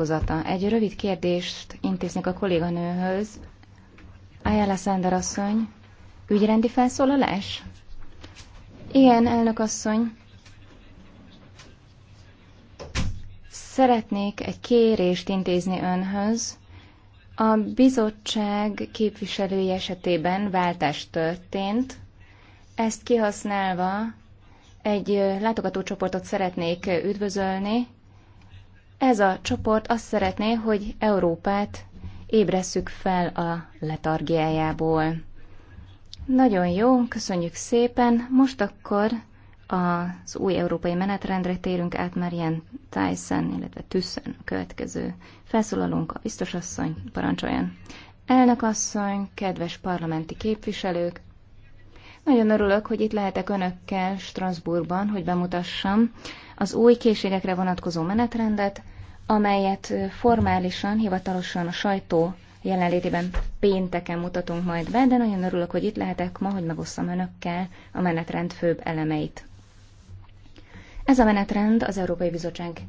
nyilatkozata. Egy rövid kérdést intéznek a kolléganőhöz. Ayala Sander asszony, ügyrendi felszólalás? Igen, elnök asszony. Szeretnék egy kérést intézni önhöz. A bizottság képviselői esetében váltás történt. Ezt kihasználva egy látogatócsoportot szeretnék üdvözölni, ez a csoport azt szeretné, hogy Európát ébresszük fel a letargiájából. Nagyon jó, köszönjük szépen. Most akkor az új európai menetrendre térünk át Marian Tyson, illetve Tüssen a következő felszólalunk a biztosasszony, parancsoljon. Elnökasszony, kedves parlamenti képviselők, nagyon örülök, hogy itt lehetek önökkel Strasbourgban, hogy bemutassam az új készségekre vonatkozó menetrendet, amelyet formálisan, hivatalosan a sajtó jelenlétében pénteken mutatunk majd be, de nagyon örülök, hogy itt lehetek ma, hogy megosszam önökkel a menetrend főbb elemeit. Ez a menetrend az Európai Bizottság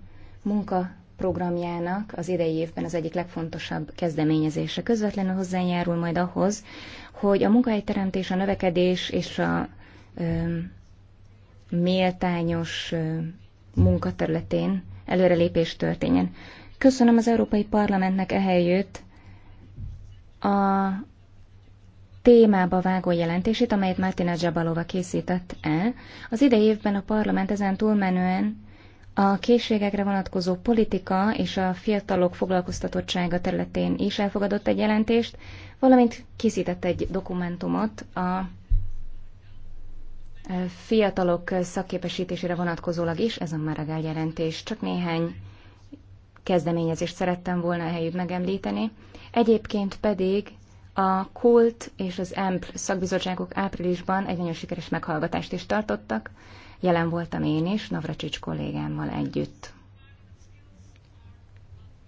munkaprogramjának az idei évben az egyik legfontosabb kezdeményezése. Közvetlenül hozzájárul majd ahhoz, hogy a munkahelyteremtés, a növekedés és a ö, méltányos ö, munkaterületén előrelépés történjen. Köszönöm az Európai Parlamentnek ehelyőtt a témába vágó jelentését, amelyet Martina Zsabalova készített el. Az idei évben a parlament ezen túlmenően a készségekre vonatkozó politika és a fiatalok foglalkoztatottsága területén is elfogadott egy jelentést, valamint készített egy dokumentumot a fiatalok szakképesítésére vonatkozólag is, ez a Maragall jelentés. Csak néhány kezdeményezést szerettem volna helyütt megemlíteni. Egyébként pedig a KULT és az EMP szakbizottságok áprilisban egy nagyon sikeres meghallgatást is tartottak. Jelen voltam én is, Navracsics kollégámmal együtt.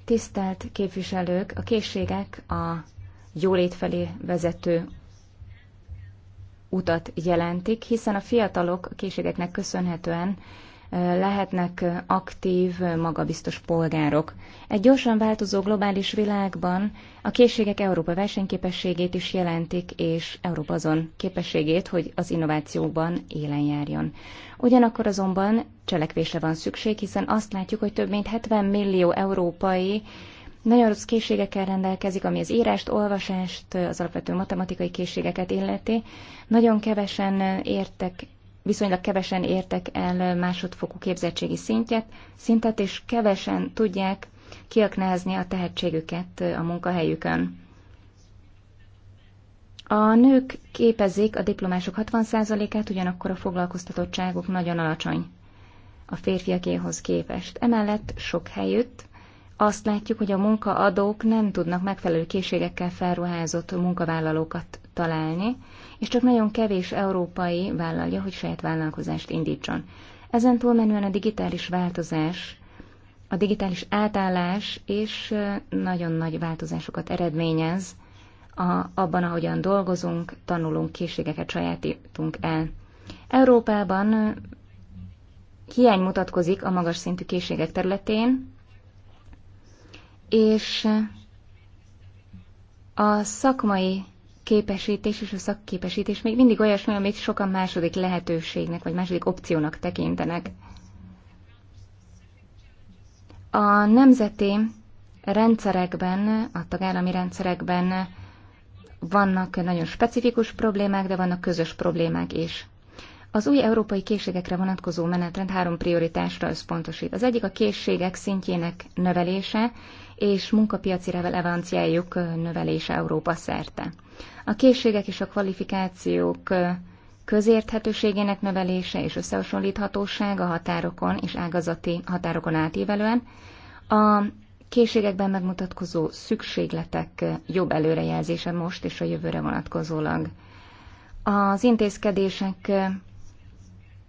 Tisztelt képviselők, a készségek a jólét felé vezető utat jelentik, hiszen a fiatalok a készségeknek köszönhetően lehetnek aktív, magabiztos polgárok. Egy gyorsan változó globális világban a készségek Európa versenyképességét is jelentik, és Európa azon képességét, hogy az innovációban élen járjon. Ugyanakkor azonban cselekvésre van szükség, hiszen azt látjuk, hogy több mint 70 millió európai nagyon rossz készségekkel rendelkezik, ami az írást, olvasást, az alapvető matematikai készségeket illeti. Nagyon kevesen értek, viszonylag kevesen értek el másodfokú képzettségi szintjet, szintet, és kevesen tudják kiaknázni a tehetségüket a munkahelyükön. A nők képezik a diplomások 60%-át, ugyanakkor a foglalkoztatottságuk nagyon alacsony a férfiakéhoz képest. Emellett sok helyütt azt látjuk, hogy a munkaadók nem tudnak megfelelő készségekkel felruházott munkavállalókat találni, és csak nagyon kevés európai vállalja, hogy saját vállalkozást indítson. Ezen túlmenően a digitális változás, a digitális átállás és nagyon nagy változásokat eredményez a, abban, ahogyan dolgozunk, tanulunk, készségeket sajátítunk el. Európában hiány mutatkozik a magas szintű készségek területén, és a szakmai képesítés és a szakképesítés még mindig olyasmi, amit sokan második lehetőségnek vagy második opciónak tekintenek. A nemzeti rendszerekben, a tagállami rendszerekben vannak nagyon specifikus problémák, de vannak közös problémák is. Az új európai készségekre vonatkozó menetrend három prioritásra összpontosít. Az egyik a készségek szintjének növelése és munkapiaci relevanciájuk növelése Európa szerte. A készségek és a kvalifikációk közérthetőségének növelése és a határokon és ágazati határokon átívelően, a készségekben megmutatkozó szükségletek jobb előrejelzése most és a jövőre vonatkozólag. Az intézkedések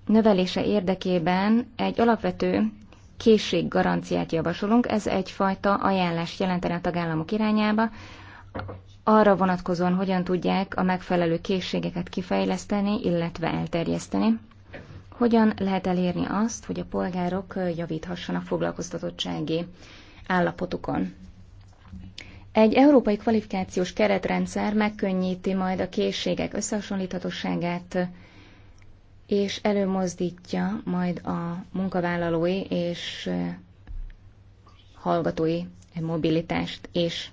növelése érdekében egy alapvető készséggaranciát javasolunk. Ez egyfajta ajánlást jelentene a tagállamok irányába, arra vonatkozóan, hogyan tudják a megfelelő készségeket kifejleszteni, illetve elterjeszteni. Hogyan lehet elérni azt, hogy a polgárok javíthassanak foglalkoztatottsági állapotukon? Egy európai kvalifikációs keretrendszer megkönnyíti majd a készségek összehasonlíthatóságát, és előmozdítja majd a munkavállalói és hallgatói mobilitást és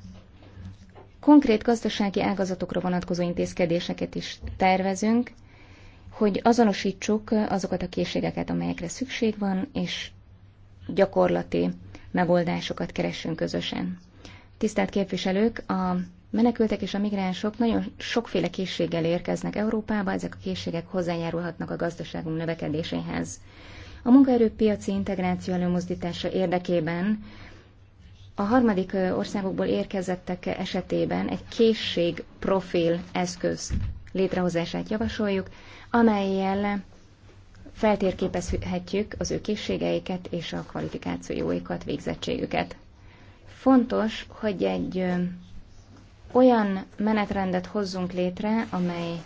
Konkrét gazdasági ágazatokra vonatkozó intézkedéseket is tervezünk, hogy azonosítsuk azokat a készségeket, amelyekre szükség van, és gyakorlati megoldásokat keressünk közösen. Tisztelt képviselők, a menekültek és a migránsok nagyon sokféle készséggel érkeznek Európába, ezek a készségek hozzájárulhatnak a gazdaságunk növekedéséhez. A munkaerőpiaci integráció előmozdítása érdekében a harmadik országokból érkezettek esetében egy készség profil eszköz létrehozását javasoljuk, amelyel feltérképezhetjük az ő készségeiket és a kvalifikációikat, végzettségüket. Fontos, hogy egy olyan menetrendet hozzunk létre, amely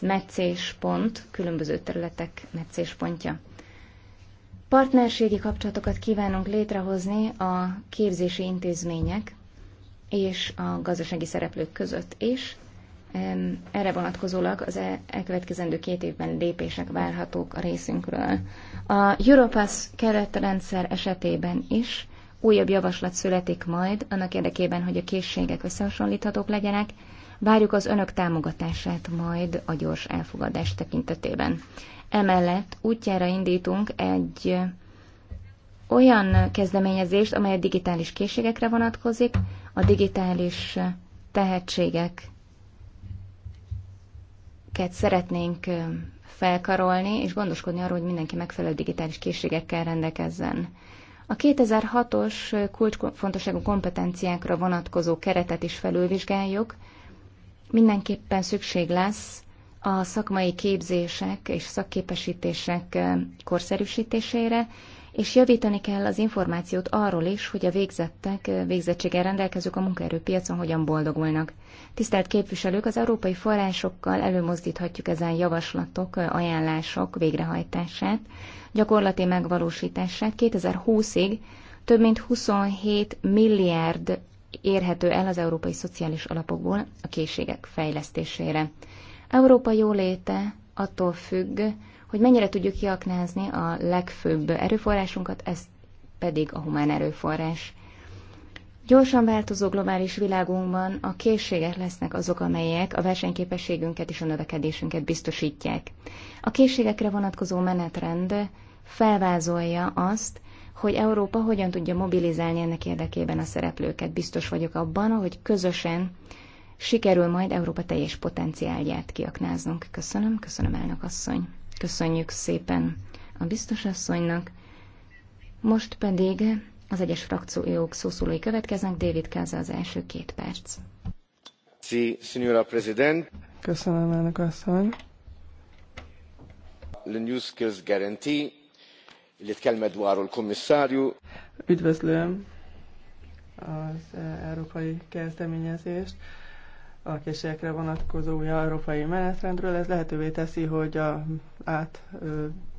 meccéspont, különböző területek meccéspontja. Partnerségi kapcsolatokat kívánunk létrehozni a képzési intézmények és a gazdasági szereplők között is. Erre vonatkozólag az e- elkövetkezendő két évben lépések várhatók a részünkről. A Europass keretrendszer esetében is újabb javaslat születik majd, annak érdekében, hogy a készségek összehasonlíthatók legyenek. Várjuk az önök támogatását majd a gyors elfogadás tekintetében. Emellett útjára indítunk egy olyan kezdeményezést, amely a digitális készségekre vonatkozik, a digitális tehetségeket szeretnénk felkarolni, és gondoskodni arról, hogy mindenki megfelelő digitális készségekkel rendelkezzen. A 2006-os kulcsfontosságú kompetenciákra vonatkozó keretet is felülvizsgáljuk. Mindenképpen szükség lesz a szakmai képzések és szakképesítések korszerűsítésére, és javítani kell az információt arról is, hogy a végzettek végzettséggel rendelkezők a munkaerőpiacon hogyan boldogulnak. Tisztelt képviselők, az európai forrásokkal előmozdíthatjuk ezen javaslatok, ajánlások végrehajtását, gyakorlati megvalósítását 2020-ig több mint 27 milliárd érhető el az európai szociális alapokból a készségek fejlesztésére. Európa jóléte attól függ, hogy mennyire tudjuk kiaknázni a legfőbb erőforrásunkat, ez pedig a humán erőforrás. Gyorsan változó globális világunkban a készségek lesznek azok, amelyek a versenyképességünket és a növekedésünket biztosítják. A készségekre vonatkozó menetrend felvázolja azt, hogy Európa hogyan tudja mobilizálni ennek érdekében a szereplőket. Biztos vagyok abban, hogy közösen sikerül majd Európa teljes potenciálját kiaknáznunk. Köszönöm, köszönöm elnök asszony. Köszönjük szépen a biztosasszonynak. Most pedig az egyes frakciók szószólói következnek. David Káza az első két perc. Sí, signora president. Köszönöm, elnök asszony. The New Skills Guarantee, illetve tkelme dwarul komisszáriu. Üdvözlöm az eh, európai kezdeményezést a készségekre vonatkozó új európai menetrendről. Ez lehetővé teszi, hogy a, át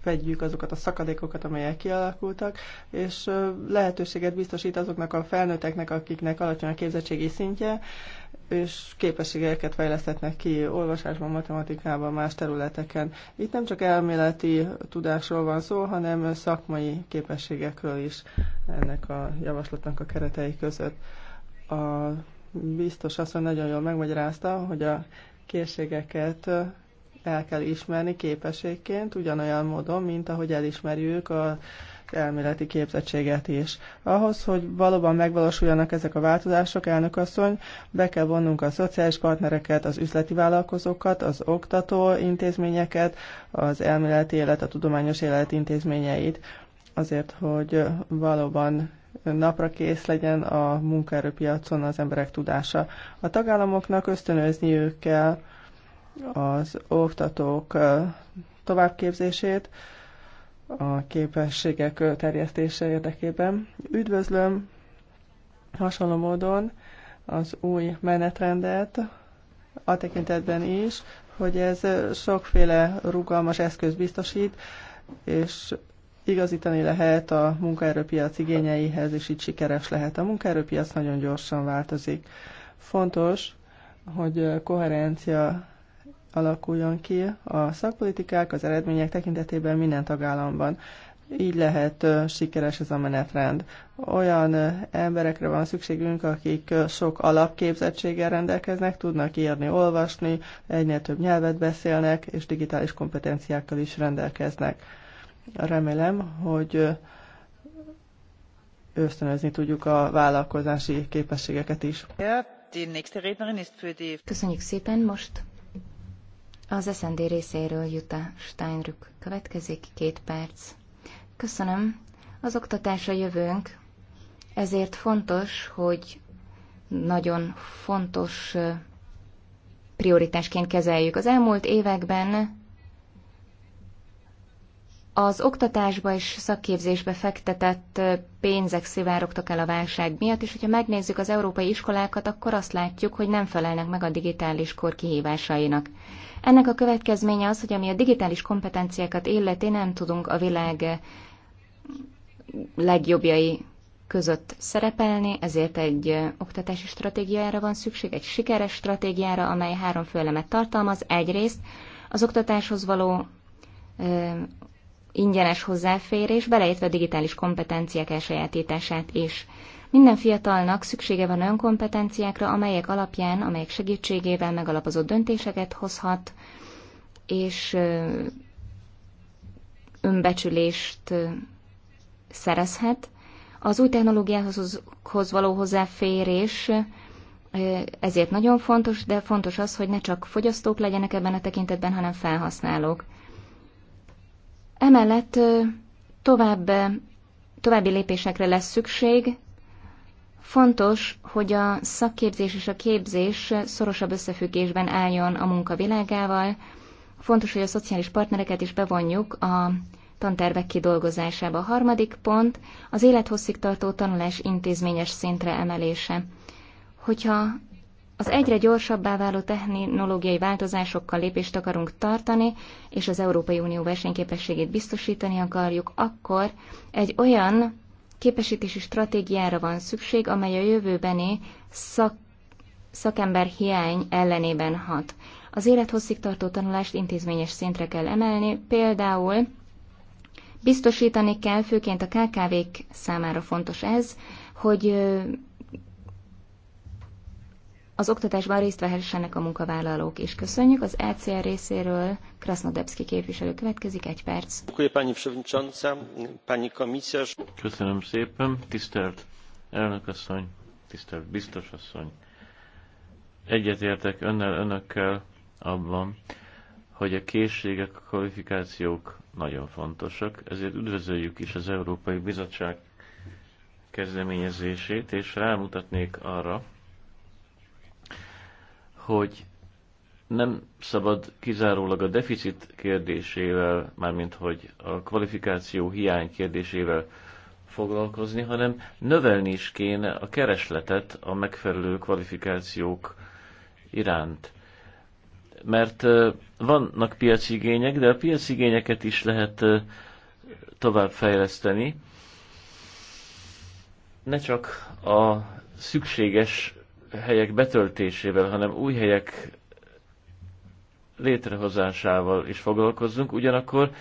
fedjük azokat a szakadékokat, amelyek kialakultak, és ö, lehetőséget biztosít azoknak a felnőtteknek, akiknek alacsony a képzettségi szintje, és képességeket fejlesztetnek ki olvasásban, matematikában, más területeken. Itt nem csak elméleti tudásról van szó, hanem szakmai képességekről is ennek a javaslatnak a keretei között. A biztos hogy nagyon jól megmagyarázta, hogy a készségeket el kell ismerni képességként, ugyanolyan módon, mint ahogy elismerjük a elméleti képzettséget is. Ahhoz, hogy valóban megvalósuljanak ezek a változások, elnökasszony, be kell vonnunk a szociális partnereket, az üzleti vállalkozókat, az oktató intézményeket, az elméleti élet, a tudományos élet intézményeit, azért, hogy valóban napra kész legyen a munkaerőpiacon az emberek tudása. A tagállamoknak ösztönözniük kell az oktatók továbbképzését a képességek terjesztése érdekében. Üdvözlöm hasonló módon az új menetrendet a tekintetben is, hogy ez sokféle rugalmas eszköz biztosít, és igazítani lehet a munkaerőpiac igényeihez, és így sikeres lehet. A munkaerőpiac nagyon gyorsan változik. Fontos, hogy koherencia alakuljon ki a szakpolitikák, az eredmények tekintetében minden tagállamban. Így lehet sikeres ez a menetrend. Olyan emberekre van szükségünk, akik sok alapképzettséggel rendelkeznek, tudnak írni, olvasni, egynél több nyelvet beszélnek, és digitális kompetenciákkal is rendelkeznek Remélem, hogy ösztönözni tudjuk a vállalkozási képességeket is. Köszönjük szépen, most az SND részéről a Steinrück következik, két perc. Köszönöm. Az oktatás a jövőnk, ezért fontos, hogy nagyon fontos prioritásként kezeljük. Az elmúlt években az oktatásba és szakképzésbe fektetett pénzek szivárogtak el a válság miatt, és hogyha megnézzük az európai iskolákat, akkor azt látjuk, hogy nem felelnek meg a digitális kor kihívásainak. Ennek a következménye az, hogy ami a digitális kompetenciákat illeti, nem tudunk a világ legjobbjai között szerepelni, ezért egy oktatási stratégiára van szükség, egy sikeres stratégiára, amely három főelemet tartalmaz. Egyrészt az oktatáshoz való ingyenes hozzáférés, beleértve a digitális kompetenciák elsajátítását is. Minden fiatalnak szüksége van olyan kompetenciákra, amelyek alapján, amelyek segítségével megalapozott döntéseket hozhat, és önbecsülést szerezhet. Az új technológiához való hozzáférés ezért nagyon fontos, de fontos az, hogy ne csak fogyasztók legyenek ebben a tekintetben, hanem felhasználók. Emellett tovább, további lépésekre lesz szükség. Fontos, hogy a szakképzés és a képzés szorosabb összefüggésben álljon a munka világával. Fontos, hogy a szociális partnereket is bevonjuk a tantervek kidolgozásába. A harmadik pont az élethosszig tartó tanulás intézményes szintre emelése. Hogyha az egyre gyorsabbá váló technológiai változásokkal lépést akarunk tartani, és az Európai Unió versenyképességét biztosítani akarjuk, akkor egy olyan képesítési stratégiára van szükség, amely a jövőbeni szak, szakember hiány ellenében hat. Az élethosszig tartó tanulást intézményes szintre kell emelni, például biztosítani kell, főként a KKV-k számára fontos ez, hogy az oktatásban részt vehessenek a munkavállalók is. Köszönjük az ECR részéről. Krasnodebski képviselő következik, egy perc. Köszönöm szépen, tisztelt elnökasszony, tisztelt biztosasszony. Egyetértek önnel, önökkel abban, hogy a készségek, a kvalifikációk nagyon fontosak, ezért üdvözöljük is az Európai Bizottság kezdeményezését, és rámutatnék arra, hogy nem szabad kizárólag a deficit kérdésével, mármint hogy a kvalifikáció hiány kérdésével foglalkozni, hanem növelni is kéne a keresletet a megfelelő kvalifikációk iránt. Mert vannak piaci igények, de a piaci igényeket is lehet továbbfejleszteni. Ne csak a szükséges helyek betöltésével, hanem új helyek létrehozásával is foglalkozzunk. Ugyanakkor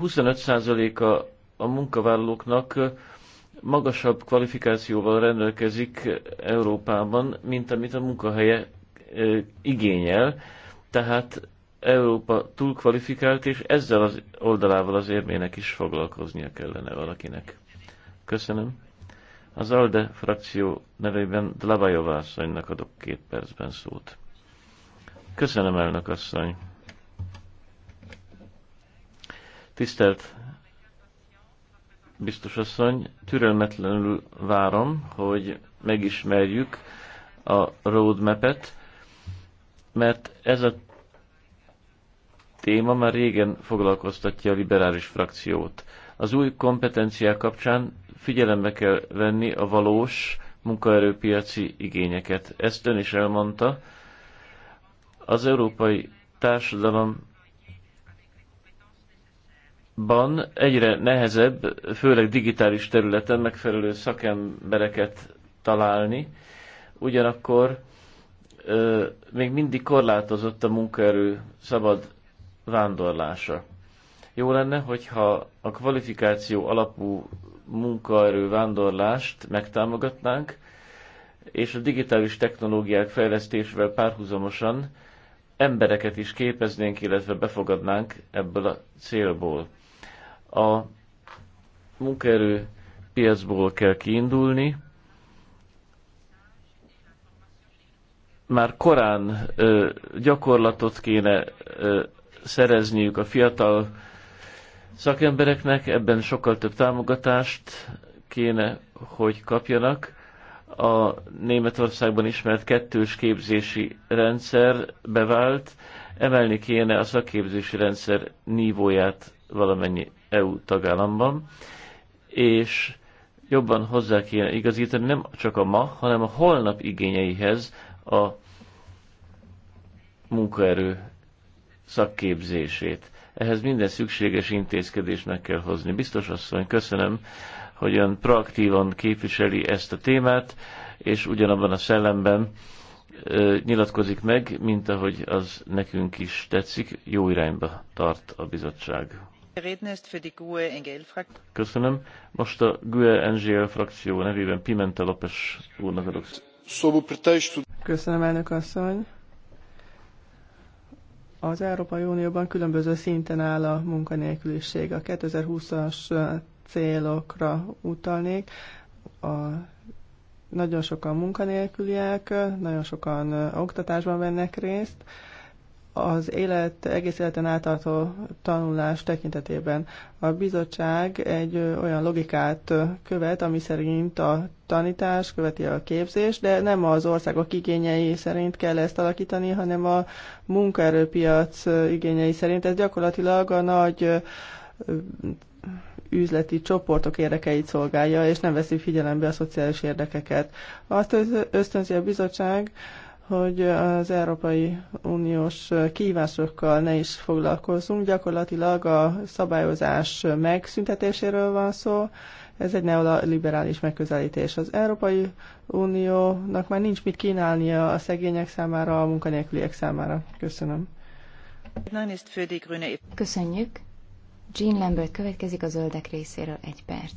25%-a a munkavállalóknak magasabb kvalifikációval rendelkezik Európában, mint amit a munkahelye igényel. Tehát Európa túl kvalifikált és ezzel az oldalával az érmének is foglalkoznia kellene valakinek. Köszönöm. Az ALDE frakció nevében Dlabajová asszonynak adok két percben szót. Köszönöm, elnök asszony! Tisztelt biztos asszony, türelmetlenül várom, hogy megismerjük a roadmap-et, mert ez a téma már régen foglalkoztatja a liberális frakciót. Az új kompetenciák kapcsán figyelembe kell venni a valós munkaerőpiaci igényeket. Ezt ön is elmondta. Az európai társadalom ban egyre nehezebb, főleg digitális területen megfelelő szakembereket találni, ugyanakkor ö, még mindig korlátozott a munkaerő szabad vándorlása. Jó lenne, hogyha a kvalifikáció alapú munkaerő vándorlást megtámogatnánk, és a digitális technológiák fejlesztésével párhuzamosan embereket is képeznénk, illetve befogadnánk ebből a célból. A munkaerő piacból kell kiindulni, már korán ö, gyakorlatot kéne ö, szerezniük a fiatal szakembereknek, ebben sokkal több támogatást kéne, hogy kapjanak. A Németországban ismert kettős képzési rendszer bevált, emelni kéne a szakképzési rendszer nívóját valamennyi EU tagállamban, és jobban hozzá kéne igazítani nem csak a ma, hanem a holnap igényeihez a munkaerő szakképzését ehhez minden szükséges intézkedést meg kell hozni. Biztos asszony, köszönöm, hogy ön proaktívan képviseli ezt a témát, és ugyanabban a szellemben ö, nyilatkozik meg, mint ahogy az nekünk is tetszik, jó irányba tart a bizottság. Köszönöm. Most a GUE NGL frakció nevében Pimentel Lopes úrnak adok. Szóval köszönöm, elnök asszony. Az Európai Unióban különböző szinten áll a munkanélküliség. A 2020-as célokra utalnék. A nagyon sokan munkanélküliek, nagyon sokan oktatásban vennek részt, az élet, egész életen átartó tanulás tekintetében. A bizottság egy olyan logikát követ, ami szerint a tanítás követi a képzés, de nem az országok igényei szerint kell ezt alakítani, hanem a munkaerőpiac igényei szerint. Ez gyakorlatilag a nagy üzleti csoportok érdekeit szolgálja, és nem veszi figyelembe a szociális érdekeket. Azt ösztönzi a bizottság, hogy az Európai Uniós kihívásokkal ne is foglalkozzunk. Gyakorlatilag a szabályozás megszüntetéséről van szó. Ez egy neoliberális megközelítés. Az Európai Uniónak már nincs mit kínálnia a szegények számára, a munkanélküliek számára. Köszönöm. Köszönjük. Jean Lambert következik a zöldek részéről egy perc.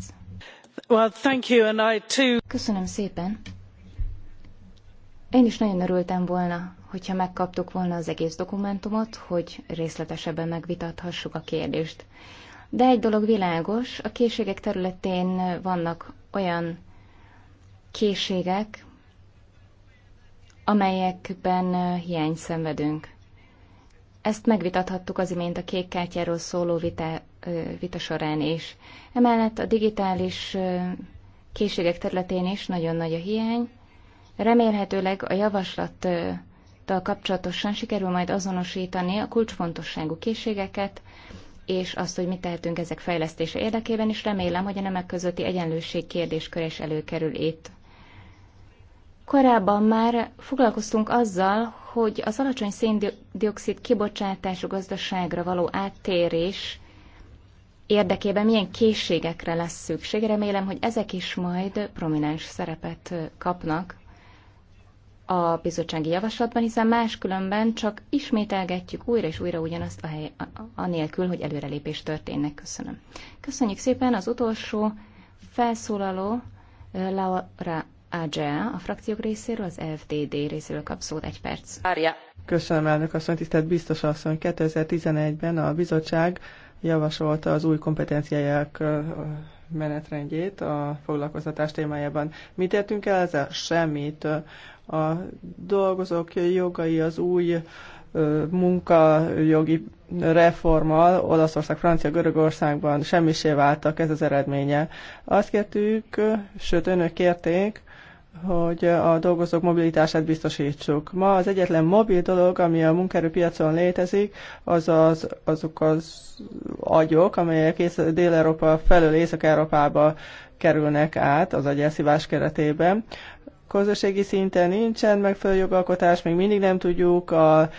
Well, thank you, and I too. Köszönöm szépen. Én is nagyon örültem volna, hogyha megkaptuk volna az egész dokumentumot, hogy részletesebben megvitathassuk a kérdést. De egy dolog világos, a készségek területén vannak olyan készségek, amelyekben hiány szenvedünk. Ezt megvitathattuk az imént a kék kártyáról szóló vita, vita során is. Emellett a digitális készségek területén is nagyon nagy a hiány, Remélhetőleg a javaslattal kapcsolatosan sikerül majd azonosítani a kulcsfontosságú készségeket, és azt, hogy mit tehetünk ezek fejlesztése érdekében, és remélem, hogy a nemek közötti egyenlőség kérdéskör is előkerül itt. Korábban már foglalkoztunk azzal, hogy az alacsony széndiokszid kibocsátású gazdaságra való áttérés érdekében milyen készségekre lesz szükség. Remélem, hogy ezek is majd prominens szerepet kapnak a bizottsági javaslatban, hiszen máskülönben csak ismételgetjük újra és újra ugyanazt a hely, anélkül, hogy előrelépés történnek. Köszönöm. Köszönjük szépen az utolsó felszólaló Laura Ágea a frakciók részéről, az FDD részéről kap szót egy perc. Ária. Köszönöm, elnök asszony, tisztelt biztos asszony. 2011-ben a bizottság javasolta az új kompetenciáják menetrendjét a foglalkoztatás témájában. Mit értünk el ezzel? Semmit a dolgozók jogai az új munkajogi reformmal Olaszország, Francia, Görögországban semmisé váltak, ez az eredménye. Azt kértük, sőt önök kérték, hogy a dolgozók mobilitását biztosítsuk. Ma az egyetlen mobil dolog, ami a munkaerőpiacon létezik, az, az azok az agyok, amelyek Dél-Európa felől Észak-Európába kerülnek át az agyelszívás keretében. Közösségi szinten nincsen megfelelő jogalkotás, még mindig nem tudjuk a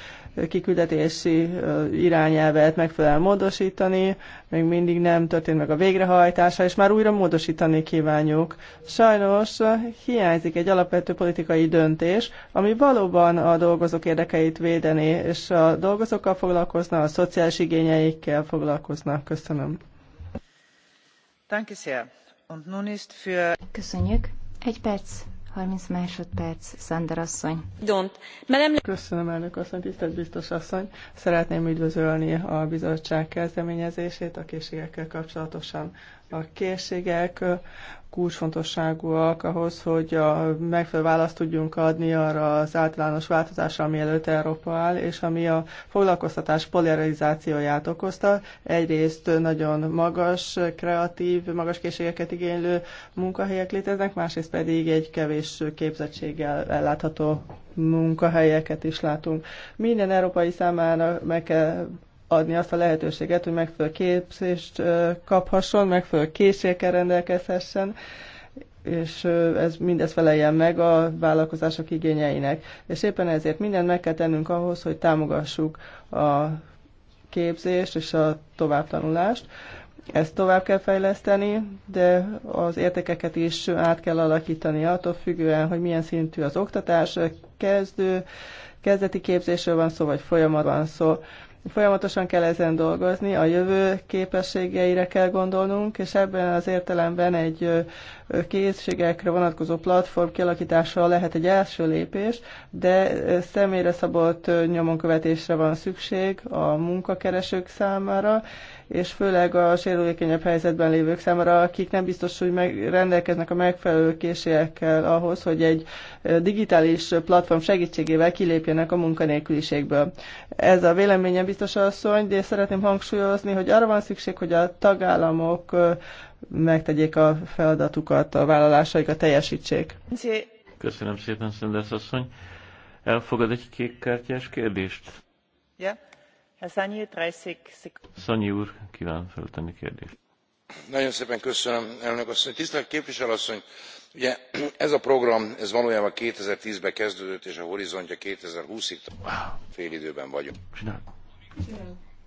kiküldetési irányelvet megfelelően módosítani, még mindig nem történt meg a végrehajtása, és már újra módosítani kívánjuk. Sajnos hiányzik egy alapvető politikai döntés, ami valóban a dolgozók érdekeit védené, és a dolgozókkal foglalkozna, a szociális igényeikkel foglalkozna. Köszönöm. Köszönjük. Egy perc másodperc, Köszönöm, elnök asszony, tisztelt biztos asszony. Szeretném üdvözölni a bizottság kezdeményezését a készségekkel kapcsolatosan. A készségek kulcsfontosságúak ahhoz, hogy a megfelelő választ tudjunk adni arra az általános változásra, ami előtt Európa áll, és ami a foglalkoztatás polarizációját okozta. Egyrészt nagyon magas, kreatív, magas készségeket igénylő munkahelyek léteznek, másrészt pedig egy kevés képzettséggel ellátható munkahelyeket is látunk. Minden európai számára meg kell adni azt a lehetőséget, hogy megfelelő képzést kaphasson, megfelelő készséggel rendelkezhessen, és ez mindez feleljen meg a vállalkozások igényeinek. És éppen ezért mindent meg kell tennünk ahhoz, hogy támogassuk a képzést és a továbbtanulást. Ezt tovább kell fejleszteni, de az értékeket is át kell alakítani attól függően, hogy milyen szintű az oktatás, kezdő, kezdeti képzésről van szó, vagy folyamatban szó Folyamatosan kell ezen dolgozni, a jövő képességeire kell gondolnunk, és ebben az értelemben egy készségekre vonatkozó platform kialakítása lehet egy első lépés, de személyre szabott nyomonkövetésre van szükség a munkakeresők számára, és főleg a sérülékenyebb helyzetben lévők számára, akik nem biztos, hogy meg, rendelkeznek a megfelelő készségekkel ahhoz, hogy egy digitális platform segítségével kilépjenek a munkanélküliségből. Ez a véleményem biztos asszony, de szeretném hangsúlyozni, hogy arra van szükség, hogy a tagállamok megtegyék a feladatukat, a vállalásaikat teljesítsék. Köszönöm szépen, Szenders asszony. Elfogad egy kártyás kérdést? Yeah úr kíván feltenni kérdést. Nagyon szépen köszönöm, elnök asszony. Tisztelt képviselő asszony, ugye ez a program ez valójában 2010 ben kezdődött és a horizontja 2020 ig tart félidőben vagyunk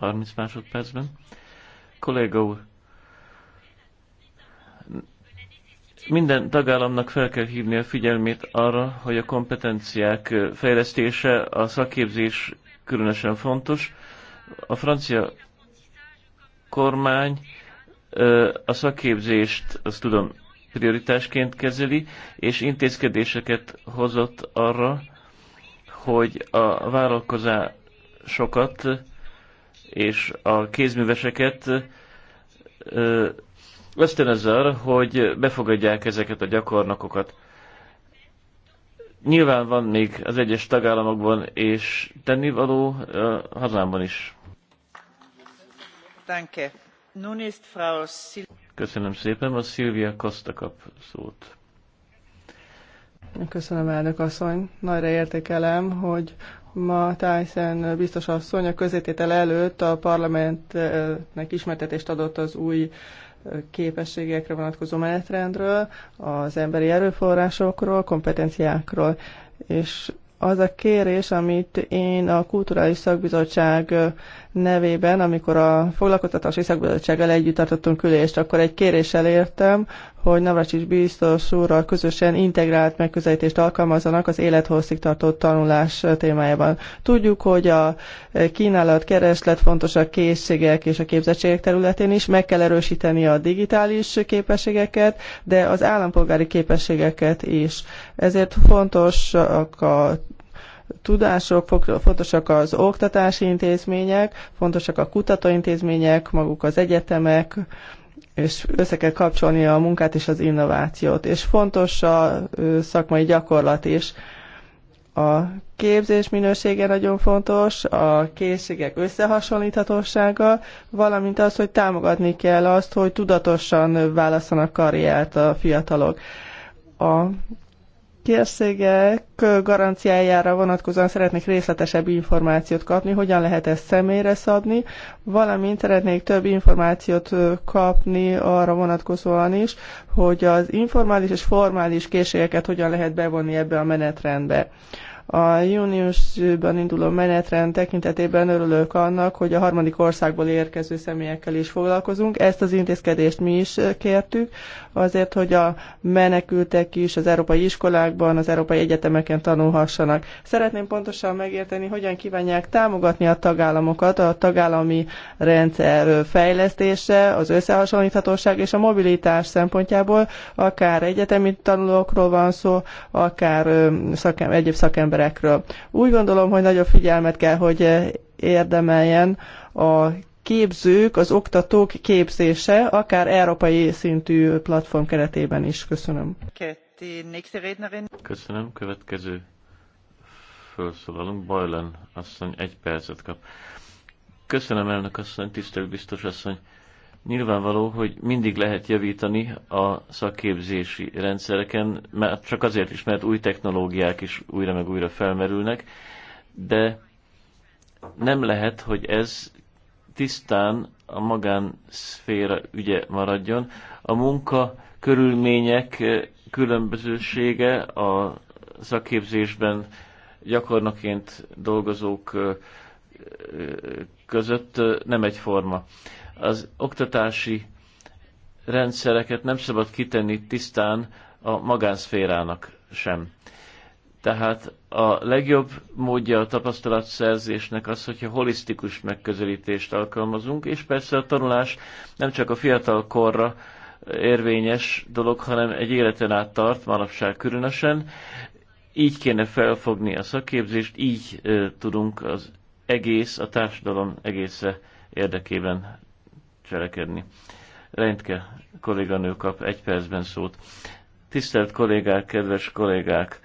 30 másodpercben. kollega, úr, minden tagállamnak fel kell hívni a figyelmét arra, hogy a kompetenciák fejlesztése, a szakképzés különösen fontos. A francia kormány a szakképzést, azt tudom, prioritásként kezeli, és intézkedéseket hozott arra, hogy a vállalkozásokat és a kézműveseket ösztönöz arra, hogy befogadják ezeket a gyakornokokat. Nyilván van még az egyes tagállamokban és tennivaló a hazámban is. Köszönöm szépen, a Szilvia Costa kap szót. Köszönöm, elnök asszony. Nagyra értékelem, hogy Ma Tyson biztos asszony a közététel előtt a parlamentnek ismertetést adott az új képességekre vonatkozó menetrendről, az emberi erőforrásokról, kompetenciákról. És az a kérés, amit én a Kulturális Szakbizottság nevében, amikor a foglalkoztatási szakbizottsággal együtt tartottunk ülést, akkor egy kéréssel értem, hogy Navracsis biztos úrral közösen integrált megközelítést alkalmazzanak az élethosszig tartó tanulás témájában. Tudjuk, hogy a kínálat, kereslet fontos a készségek és a képzettségek területén is, meg kell erősíteni a digitális képességeket, de az állampolgári képességeket is. Ezért fontosak a tudások, fontosak az oktatási intézmények, fontosak a kutatóintézmények, maguk az egyetemek, és össze kell kapcsolni a munkát és az innovációt. És fontos a szakmai gyakorlat is. A képzés minősége nagyon fontos, a készségek összehasonlíthatósága, valamint az, hogy támogatni kell azt, hogy tudatosan válaszanak karriert a fiatalok. A Kérségek garanciájára vonatkozóan szeretnék részletesebb információt kapni, hogyan lehet ezt személyre szabni, valamint szeretnék több információt kapni arra vonatkozóan is, hogy az informális és formális készségeket hogyan lehet bevonni ebbe a menetrendbe. A júniusban induló menetrend tekintetében örülök annak, hogy a harmadik országból érkező személyekkel is foglalkozunk. Ezt az intézkedést mi is kértük azért, hogy a menekültek is az európai iskolákban, az európai egyetemeken tanulhassanak. Szeretném pontosan megérteni, hogyan kívánják támogatni a tagállamokat a tagállami rendszer fejlesztése, az összehasonlíthatóság és a mobilitás szempontjából, akár egyetemi tanulókról van szó, akár szakem, egyéb szakemberekről. Úgy gondolom, hogy nagyobb figyelmet kell, hogy érdemeljen a képzők, az oktatók képzése, akár európai szintű platform keretében is. Köszönöm. Köszönöm. Következő felszólalunk. Bajlen asszony egy percet kap. Köszönöm elnök asszony, tisztelt biztos asszony. Nyilvánvaló, hogy mindig lehet javítani a szakképzési rendszereken, mert csak azért is, mert új technológiák is újra meg újra felmerülnek, de nem lehet, hogy ez tisztán a magánszféra ügye maradjon. A munka körülmények eh, különbözősége a szakképzésben gyakornoként dolgozók eh, között eh, nem egyforma. Az oktatási rendszereket nem szabad kitenni tisztán a magánszférának sem. Tehát a legjobb módja a tapasztalatszerzésnek az, hogyha holisztikus megközelítést alkalmazunk, és persze a tanulás nem csak a fiatal korra érvényes dolog, hanem egy életen át tart, manapság különösen. Így kéne felfogni a szakképzést, így tudunk az egész, a társadalom egésze érdekében cselekedni. Rendke, kolléganő kap egy percben szót. Tisztelt kollégák, kedves kollégák!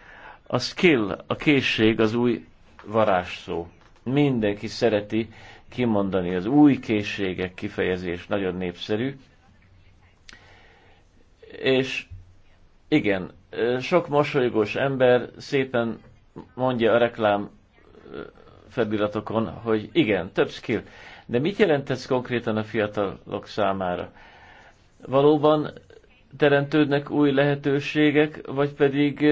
A skill, a készség az új varázsszó. Mindenki szereti kimondani. Az új készségek kifejezés nagyon népszerű. És igen, sok mosolygós ember szépen mondja a reklám feliratokon, hogy igen, több skill. De mit jelent ez konkrétan a fiatalok számára? Valóban teremtődnek új lehetőségek, vagy pedig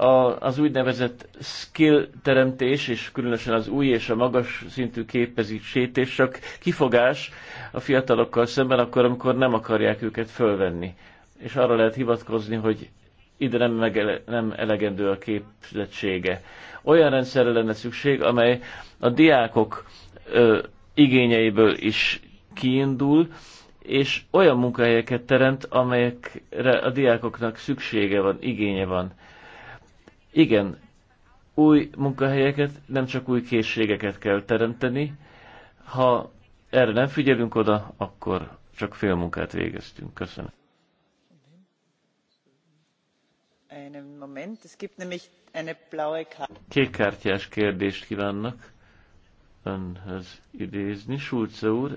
a, az úgynevezett skill teremtés, és különösen az új és a magas szintű képezítés csak kifogás a fiatalokkal szemben, akkor, amikor nem akarják őket fölvenni. És arra lehet hivatkozni, hogy ide nem, megele, nem elegendő a képzettsége. Olyan rendszerre lenne szükség, amely a diákok ö, igényeiből is kiindul, és olyan munkahelyeket teremt, amelyekre a diákoknak szüksége van, igénye van igen, új munkahelyeket, nem csak új készségeket kell teremteni. Ha erre nem figyelünk oda, akkor csak fél munkát végeztünk. Köszönöm. Kékkártyás kérdést kívánnak önhöz idézni. Schulze úr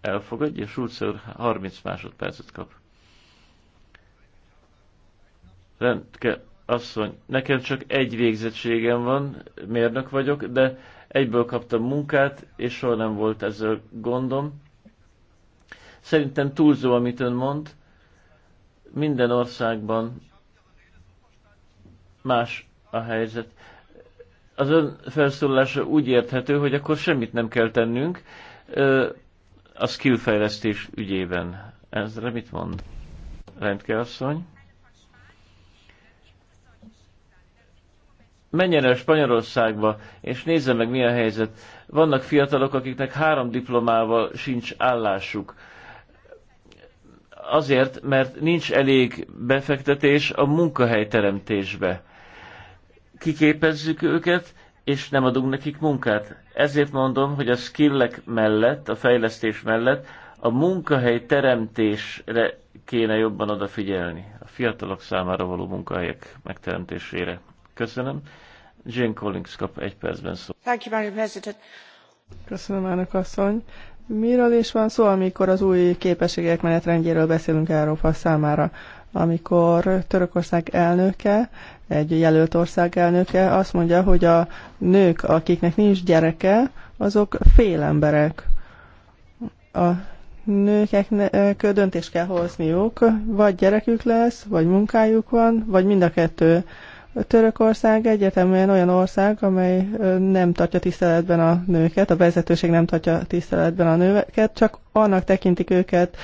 elfogadja, Schulze úr 30 másodpercet kap. Rendke, asszony, nekem csak egy végzettségem van, mérnök vagyok, de egyből kaptam munkát, és soha nem volt ezzel gondom. Szerintem túlzó, amit ön mond. Minden országban más a helyzet. Az ön felszólása úgy érthető, hogy akkor semmit nem kell tennünk a skillfejlesztés ügyében. Ezre mit mond? Rendkeasszony. asszony. menjen el Spanyolországba, és nézze meg, milyen helyzet. Vannak fiatalok, akiknek három diplomával sincs állásuk. Azért, mert nincs elég befektetés a munkahelyteremtésbe. Kiképezzük őket, és nem adunk nekik munkát. Ezért mondom, hogy a skillek mellett, a fejlesztés mellett a munkahely teremtésre kéne jobban odafigyelni. A fiatalok számára való munkahelyek megteremtésére. Köszönöm. Jane Collins kap egy percben szó. Thank you, Madam President. Köszönöm, elnök asszony. Miről is van szó, amikor az új képességek menetrendjéről beszélünk Európa számára? Amikor Törökország elnöke, egy jelölt ország elnöke azt mondja, hogy a nők, akiknek nincs gyereke, azok félemberek. A nőknek döntést kell hozniuk, vagy gyerekük lesz, vagy munkájuk van, vagy mind a kettő Törökország egyértelműen olyan ország, amely nem tartja tiszteletben a nőket, a vezetőség nem tartja tiszteletben a nőket, csak annak tekintik őket,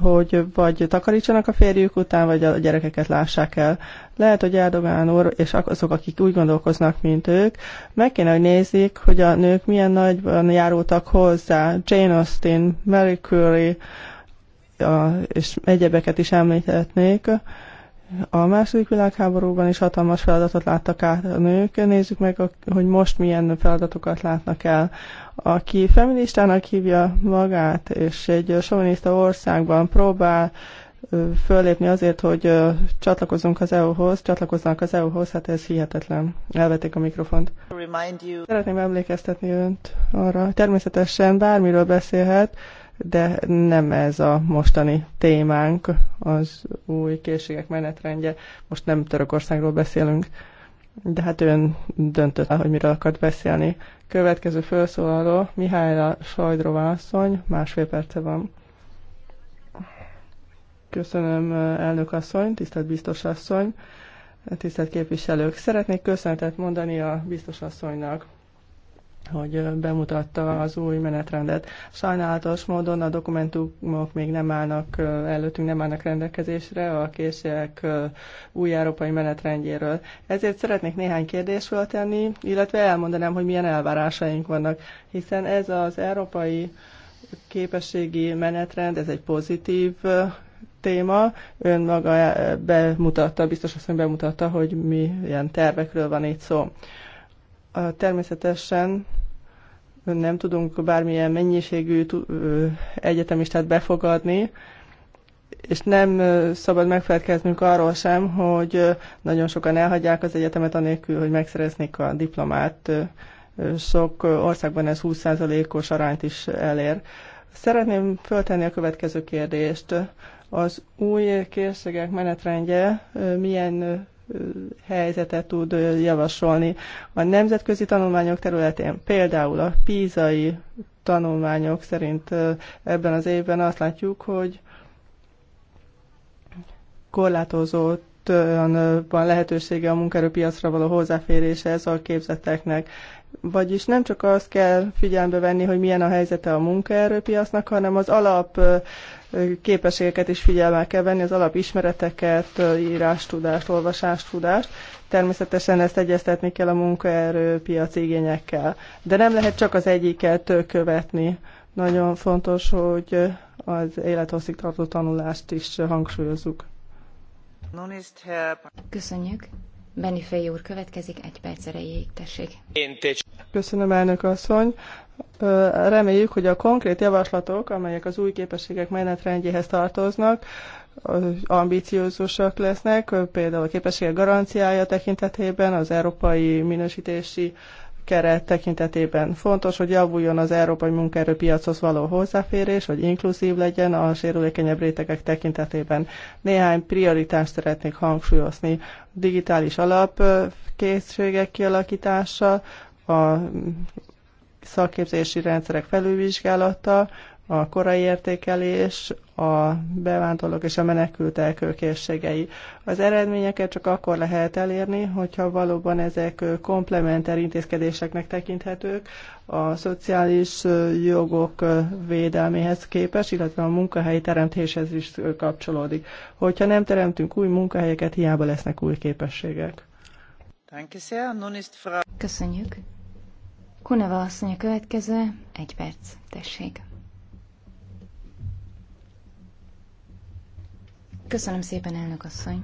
hogy vagy takarítsanak a férjük után, vagy a gyerekeket lássák el. Lehet, hogy Erdogán úr és azok, akik úgy gondolkoznak, mint ők, meg kéne, hogy nézzék, hogy a nők milyen nagyban járultak hozzá. Jane Austen, Mary Curie, a, és egyebeket is említhetnék, a második világháborúban is hatalmas feladatot láttak át a nők. Nézzük meg, hogy most milyen feladatokat látnak el. Aki feministának hívja magát, és egy soviniszta országban próbál fölépni azért, hogy csatlakozunk az EU-hoz, csatlakoznak az EU-hoz, hát ez hihetetlen. Elvették a mikrofont. Szeretném emlékeztetni önt arra, természetesen bármiről beszélhet, de nem ez a mostani témánk, az új készségek menetrendje. Most nem Törökországról beszélünk, de hát ön döntött el, hogy miről akart beszélni. Következő felszólaló Mihályra Sajdrova asszony, másfél perce van. Köszönöm, elnök asszony, tisztelt biztos asszony, tisztelt képviselők. Szeretnék köszönetet mondani a biztos asszonynak hogy bemutatta az új menetrendet. Sajnálatos módon a dokumentumok még nem állnak előttünk, nem állnak rendelkezésre a készségek új európai menetrendjéről. Ezért szeretnék néhány kérdést feltenni, illetve elmondanám, hogy milyen elvárásaink vannak, hiszen ez az európai képességi menetrend, ez egy pozitív téma. Ön maga bemutatta, biztos azt, hogy bemutatta, hogy milyen tervekről van itt szó. Természetesen nem tudunk bármilyen mennyiségű egyetemistát befogadni, és nem szabad megfelelkeznünk arról sem, hogy nagyon sokan elhagyják az egyetemet anélkül, hogy megszereznék a diplomát. Sok országban ez 20%-os arányt is elér. Szeretném föltenni a következő kérdést. Az új készségek menetrendje milyen helyzetet tud javasolni. A nemzetközi tanulmányok területén például a pízai tanulmányok szerint ebben az évben azt látjuk, hogy korlátozott van lehetősége a munkaerőpiacra való hozzáféréshez a képzetteknek. Vagyis nem csak azt kell figyelembe venni, hogy milyen a helyzete a munkaerőpiacnak, hanem az alap képességeket is figyelme kell venni, az alap ismereteket, írástudást, olvasástudást. Természetesen ezt egyeztetni kell a munkaerőpiac igényekkel. De nem lehet csak az egyiket követni. Nagyon fontos, hogy az tartó tanulást is hangsúlyozzuk. Köszönjük. Benifei úr következik, egy perc erejéig, tessék. Köszönöm, elnök asszony. Reméljük, hogy a konkrét javaslatok, amelyek az új képességek menetrendjéhez tartoznak, ambiciózusak lesznek, például a képességek garanciája tekintetében, az európai minősítési keret tekintetében fontos, hogy javuljon az európai munkaerőpiachoz való hozzáférés, hogy inkluzív legyen a sérülékenyebb rétegek tekintetében. Néhány prioritást szeretnék hangsúlyozni. Digitális alapkészségek kialakítása, a szakképzési rendszerek felülvizsgálata, a korai értékelés, a bevándorlók és a menekültek készségei. Az eredményeket csak akkor lehet elérni, hogyha valóban ezek komplementer intézkedéseknek tekinthetők a szociális jogok védelméhez képes, illetve a munkahelyi teremtéshez is kapcsolódik. Hogyha nem teremtünk új munkahelyeket, hiába lesznek új képességek. Köszönjük. Kuneva asszony a következő, egy perc, tessék. Köszönöm szépen, elnök asszony.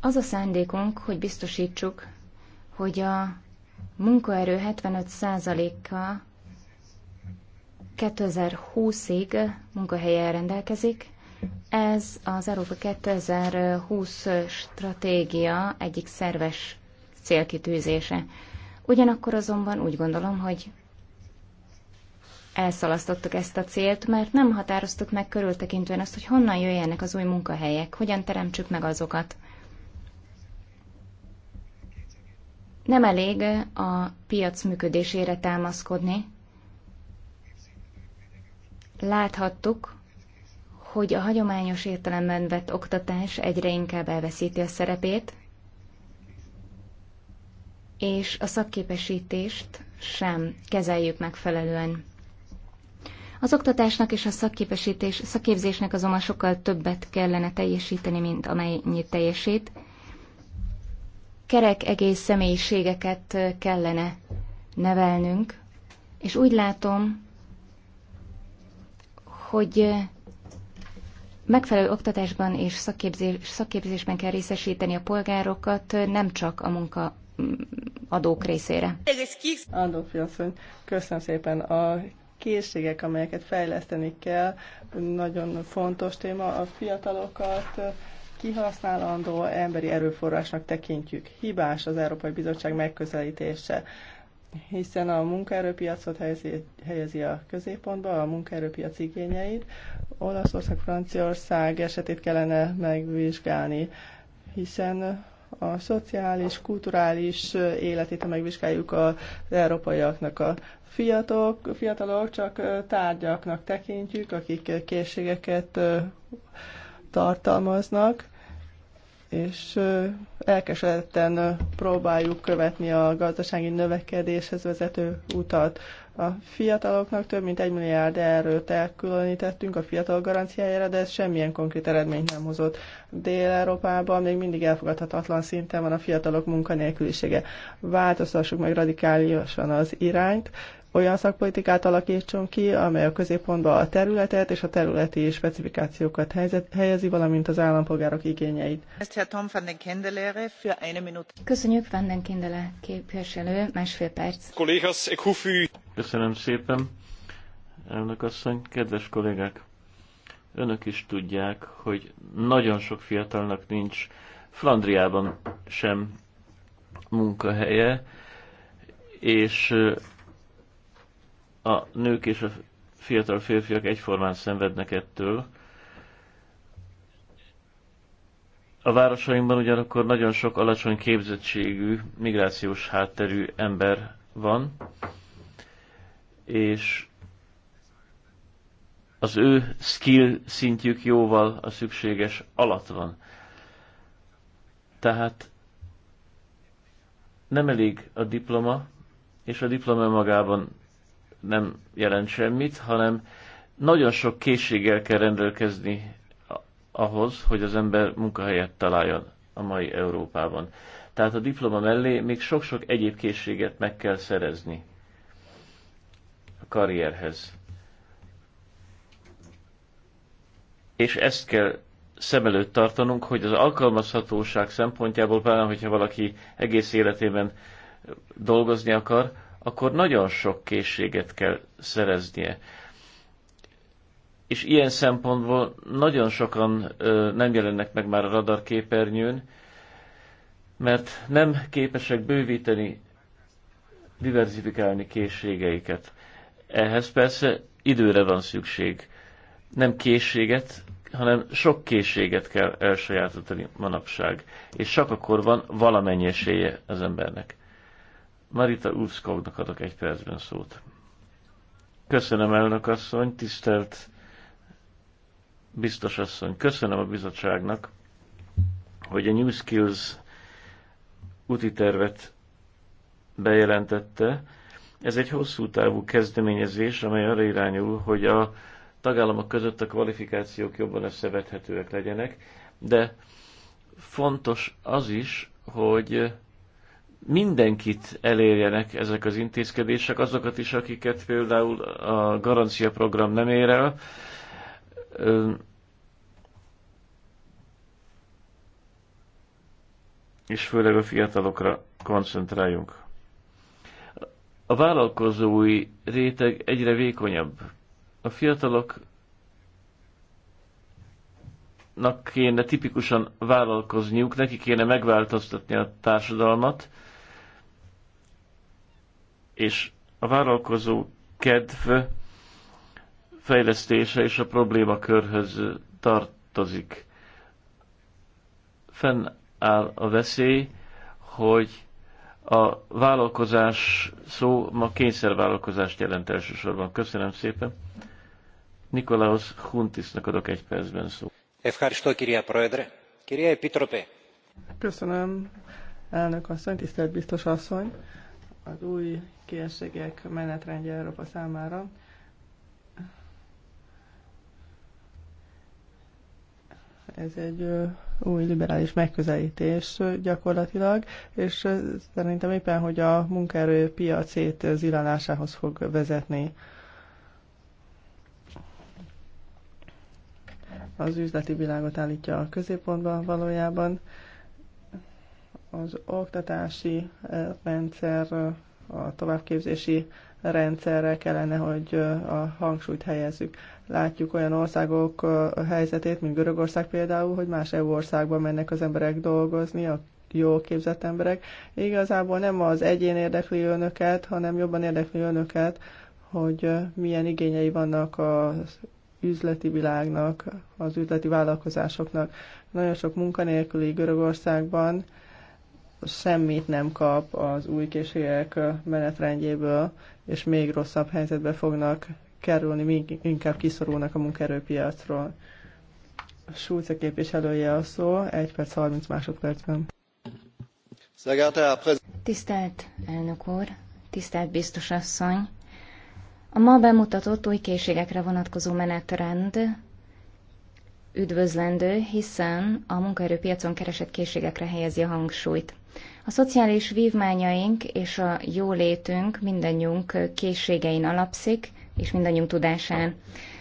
Az a szándékunk, hogy biztosítsuk, hogy a munkaerő 75%-a 2020-ig munkahelyen rendelkezik. Ez az Európa 2020 stratégia egyik szerves célkitűzése. Ugyanakkor azonban úgy gondolom, hogy elszalasztottuk ezt a célt, mert nem határoztuk meg körültekintően azt, hogy honnan jöjjenek az új munkahelyek, hogyan teremtsük meg azokat. Nem elég a piac működésére támaszkodni. Láthattuk, hogy a hagyományos értelemben vett oktatás egyre inkább elveszíti a szerepét, és a szakképesítést sem kezeljük megfelelően. Az oktatásnak és a szakképesítés, szakképzésnek azonban sokkal többet kellene teljesíteni, mint amennyit teljesít. Kerek egész személyiségeket kellene nevelnünk, és úgy látom, hogy megfelelő oktatásban és szakképzés, szakképzésben kell részesíteni a polgárokat, nem csak a munka adók részére. Adófiasszony, köszönöm szépen. A készségek, amelyeket fejleszteni kell. Nagyon fontos téma, a fiatalokat kihasználandó emberi erőforrásnak tekintjük. Hibás az Európai Bizottság megközelítése hiszen a munkaerőpiacot helyezi, helyezi a középpontba, a munkaerőpiac igényeit. Olaszország, Franciaország esetét kellene megvizsgálni, hiszen a szociális, kulturális életét, ha megvizsgáljuk az európaiaknak, a fiatalok, fiatalok csak tárgyaknak tekintjük, akik készségeket tartalmaznak, és elkeseredetten próbáljuk követni a gazdasági növekedéshez vezető utat. A fiataloknak több mint egy milliárd erőt elkülönítettünk a fiatal garanciájára, de ez semmilyen konkrét eredményt nem hozott. Dél-Európában még mindig elfogadhatatlan szinten van a fiatalok munkanélkülisége. Változtassuk meg radikálisan az irányt, olyan szakpolitikát alakítson ki, amely a középpontba a területet és a területi specifikációkat helyzet, helyezi, valamint az állampolgárok igényeit. Köszönjük Van Kindele képviselő, másfél perc. Kollégás, Köszönöm szépen, elnök asszony, kedves kollégák! Önök is tudják, hogy nagyon sok fiatalnak nincs Flandriában sem munkahelye, és a nők és a fiatal férfiak egyformán szenvednek ettől. A városainkban ugyanakkor nagyon sok alacsony képzettségű, migrációs hátterű ember van, és az ő skill szintjük jóval a szükséges alatt van. Tehát nem elég a diploma, és a diploma magában nem jelent semmit, hanem nagyon sok készséggel kell rendelkezni ahhoz, hogy az ember munkahelyet találjon a mai Európában. Tehát a diploma mellé még sok-sok egyéb készséget meg kell szerezni a karrierhez. És ezt kell szem előtt tartanunk, hogy az alkalmazhatóság szempontjából, például, hogyha valaki egész életében dolgozni akar, akkor nagyon sok készséget kell szereznie. És ilyen szempontból nagyon sokan ö, nem jelennek meg már a radarképernyőn, mert nem képesek bővíteni, diversifikálni készségeiket. Ehhez persze időre van szükség. Nem készséget, hanem sok készséget kell elsajátítani manapság. És csak akkor van valamennyi esélye az embernek. Marita Úszkovnak adok egy percben szót. Köszönöm, elnök asszony, tisztelt biztos asszony, köszönöm a bizottságnak, hogy a New Skills úti tervet bejelentette. Ez egy hosszú távú kezdeményezés, amely arra irányul, hogy a tagállamok között a kvalifikációk jobban összevethetőek legyenek, de fontos az is, hogy mindenkit elérjenek ezek az intézkedések, azokat is, akiket például a garancia program nem ér el. És főleg a fiatalokra koncentráljunk. A vállalkozói réteg egyre vékonyabb. A fiatalok kéne tipikusan vállalkozniuk, neki kéne megváltoztatni a társadalmat, és a vállalkozó kedv fejlesztése és a problémakörhöz tartozik. Fennáll a veszély, hogy a vállalkozás szó ma kényszervállalkozást jelent elsősorban. Köszönöm szépen. Nikolaos Huntisnak adok egy percben szó. Köszönöm, elnök asszony, tisztelt biztos asszony az új készségek menetrendje Európa számára. Ez egy új liberális megközelítés gyakorlatilag, és szerintem éppen, hogy a munkaerő piacét zilálásához fog vezetni. Az üzleti világot állítja a középpontban valójában az oktatási eh, rendszer, eh, a továbbképzési rendszerre kellene, hogy eh, a hangsúlyt helyezzük. Látjuk olyan országok helyzetét, mint Görögország például, hogy más EU országban mennek az emberek dolgozni, a jó képzett emberek. Igazából nem az egyén érdekli önöket, hanem jobban érdekli önöket, hogy milyen igényei vannak az üzleti világnak, az üzleti vállalkozásoknak. Nagyon sok munkanélküli Görögországban, semmit nem kap az új készségek menetrendjéből, és még rosszabb helyzetbe fognak kerülni, még inkább kiszorulnak a munkaerőpiacról. Schulze képviselője a szó, 1 perc 30 másodpercben. Eh, tisztelt elnök úr, tisztelt biztos asszony! A ma bemutatott új készségekre vonatkozó menetrend üdvözlendő, hiszen a munkaerőpiacon keresett készségekre helyezi a hangsúlyt. A szociális vívmányaink és a jólétünk mindannyiunk készségein alapszik, és mindannyiunk tudásán.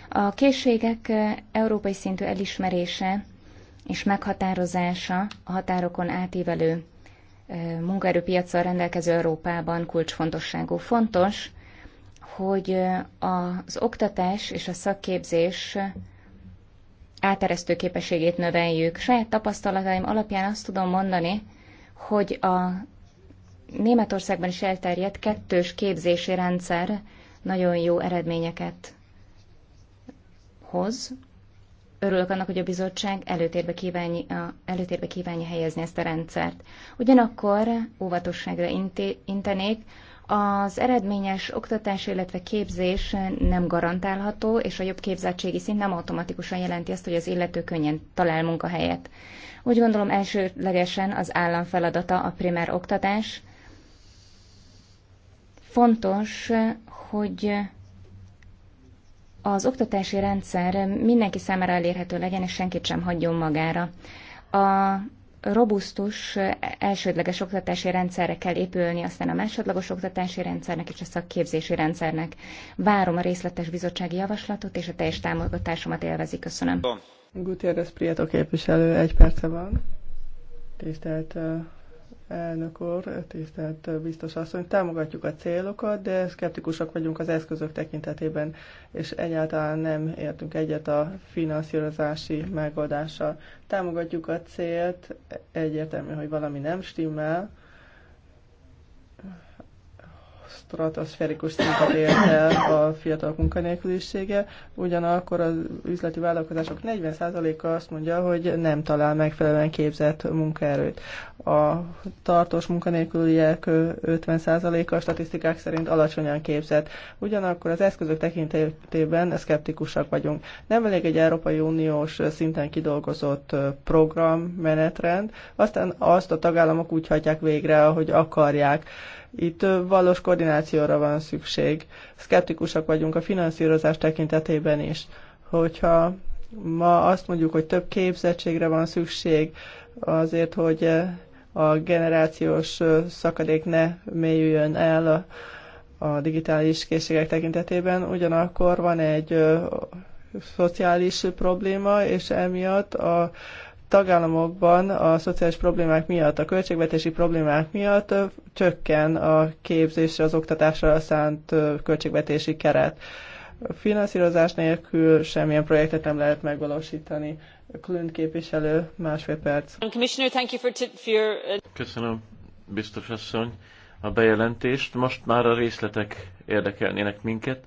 A készségek európai szintű elismerése és meghatározása a határokon átívelő munkaerőpiacsal rendelkező Európában kulcsfontosságú. Fontos, hogy az oktatás és a szakképzés áteresztő képességét növeljük. Saját tapasztalataim alapján azt tudom mondani, hogy a Németországban is elterjedt kettős képzési rendszer nagyon jó eredményeket hoz. Örülök annak, hogy a bizottság előtérbe kívánja, előtérbe kívánja helyezni ezt a rendszert. Ugyanakkor óvatosságra intenék, az eredményes oktatás, illetve képzés nem garantálható, és a jobb képzettségi szint nem automatikusan jelenti azt, hogy az illető könnyen talál munkahelyet. Úgy gondolom elsőlegesen az állam feladata a primár oktatás. Fontos, hogy az oktatási rendszer mindenki számára elérhető legyen, és senkit sem hagyjon magára. A robusztus elsődleges oktatási rendszerre kell épülni, aztán a másodlagos oktatási rendszernek és a szakképzési rendszernek. Várom a részletes bizottsági javaslatot, és a teljes támogatásomat élvezik. Köszönöm. Gutiérrez Prieto képviselő, egy perce van. Tisztelt Elnök úr, tisztelt biztos asszony, támogatjuk a célokat, de szkeptikusak vagyunk az eszközök tekintetében, és egyáltalán nem értünk egyet a finanszírozási megoldással. Támogatjuk a célt, egyértelmű, hogy valami nem stimmel, stratoszférikus szintet ért el a fiatal munkanélkülisége, ugyanakkor az üzleti vállalkozások 40%-a azt mondja, hogy nem talál megfelelően képzett munkaerőt. A tartós munkanélküliek 50%-a statisztikák szerint alacsonyan képzett. Ugyanakkor az eszközök tekintetében szkeptikusak vagyunk. Nem elég egy Európai Uniós szinten kidolgozott program, menetrend, aztán azt a tagállamok úgy hagyják végre, ahogy akarják. Itt valós koordinációra van szükség. Szkeptikusak vagyunk a finanszírozás tekintetében is. Hogyha ma azt mondjuk, hogy több képzettségre van szükség azért, hogy a generációs szakadék ne mélyüljön el a digitális készségek tekintetében, ugyanakkor van egy szociális probléma, és emiatt a tagállamokban a szociális problémák miatt, a költségvetési problémák miatt csökken a képzésre, az oktatásra szánt költségvetési keret. Finanszírozás nélkül semmilyen projektet nem lehet megvalósítani. Klünt képviselő, másfél perc. Uh, Köszönöm, biztos asszony, a bejelentést. Most már a részletek érdekelnének minket.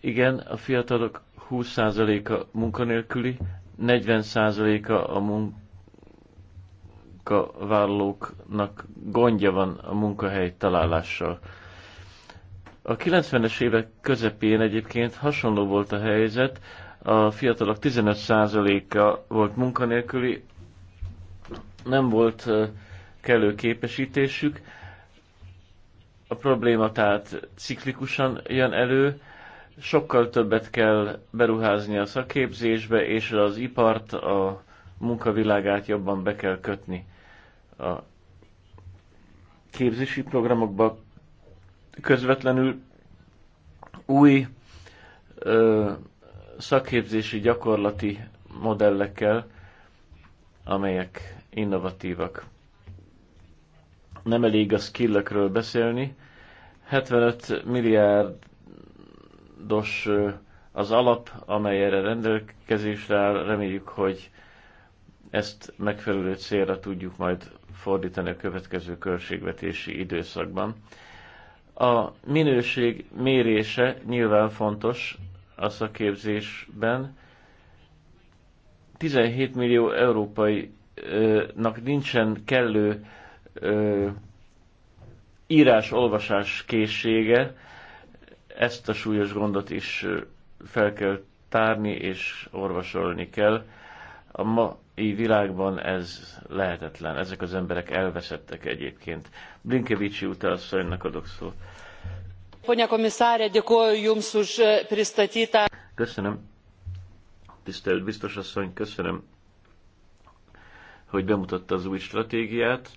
Igen, a fiatalok 20%-a munkanélküli, 40%-a a munkavállalóknak gondja van a munkahely találással. A 90-es évek közepén egyébként hasonló volt a helyzet, a fiatalok 15%-a volt munkanélküli, nem volt kellő képesítésük, a probléma tehát ciklikusan jön elő, Sokkal többet kell beruházni a szakképzésbe, és az ipart, a munkavilágát jobban be kell kötni a képzési programokba. Közvetlenül új ö, szakképzési gyakorlati modellekkel, amelyek innovatívak. Nem elég a skillekről beszélni. 75 milliárd dos az alap, amely erre rendelkezésre áll. Reméljük, hogy ezt megfelelő célra tudjuk majd fordítani a következő költségvetési időszakban. A minőség mérése nyilván fontos a szakképzésben. 17 millió európainak nincsen kellő írás-olvasás készsége, ezt a súlyos gondot is fel kell tárni és orvosolni kell. A mai világban ez lehetetlen. Ezek az emberek elveszettek egyébként. Blinkevicsi utána adok szót. Ponia komisárė, Jums už Köszönöm. Tisztelt biztos asszony, köszönöm, hogy bemutatta az új stratégiát.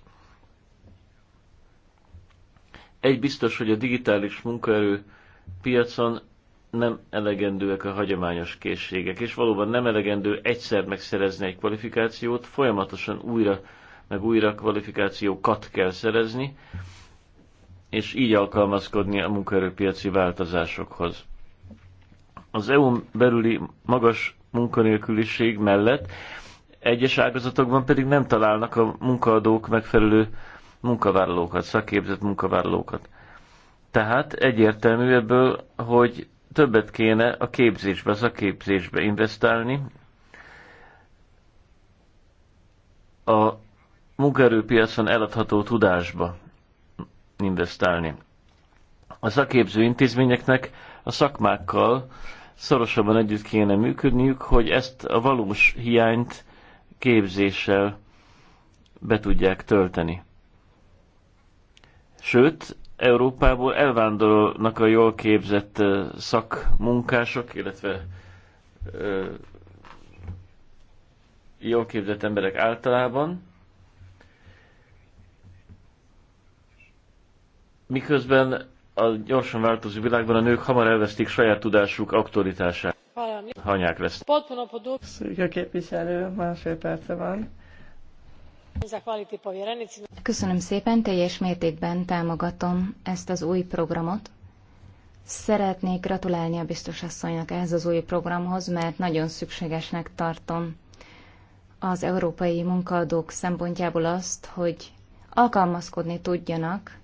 Egy biztos, hogy a digitális munkaerő piacon nem elegendőek a hagyományos készségek, és valóban nem elegendő egyszer megszerezni egy kvalifikációt, folyamatosan újra meg újra kvalifikációkat kell szerezni, és így alkalmazkodni a munkaerőpiaci változásokhoz. Az eu belüli magas munkanélküliség mellett egyes ágazatokban pedig nem találnak a munkaadók megfelelő munkavállalókat, szakképzett munkavállalókat. Tehát egyértelmű ebből, hogy többet kéne a képzésbe, az a képzésbe investálni. A munkaerőpiacon eladható tudásba investálni. A szakképző intézményeknek a szakmákkal szorosabban együtt kéne működniük, hogy ezt a valós hiányt képzéssel be tudják tölteni. Sőt, Európából elvándorolnak a jól képzett szakmunkások, illetve jól képzett emberek általában, miközben a gyorsan változó világban a nők hamar elvesztik saját tudásuk aktualitását. Hanyák lesz. Szűk a képviselő, másfél perce van. Köszönöm szépen, teljes mértékben támogatom ezt az új programot. Szeretnék gratulálni a biztos asszonynak ehhez az új programhoz, mert nagyon szükségesnek tartom az európai munkaadók szempontjából azt, hogy alkalmazkodni tudjanak,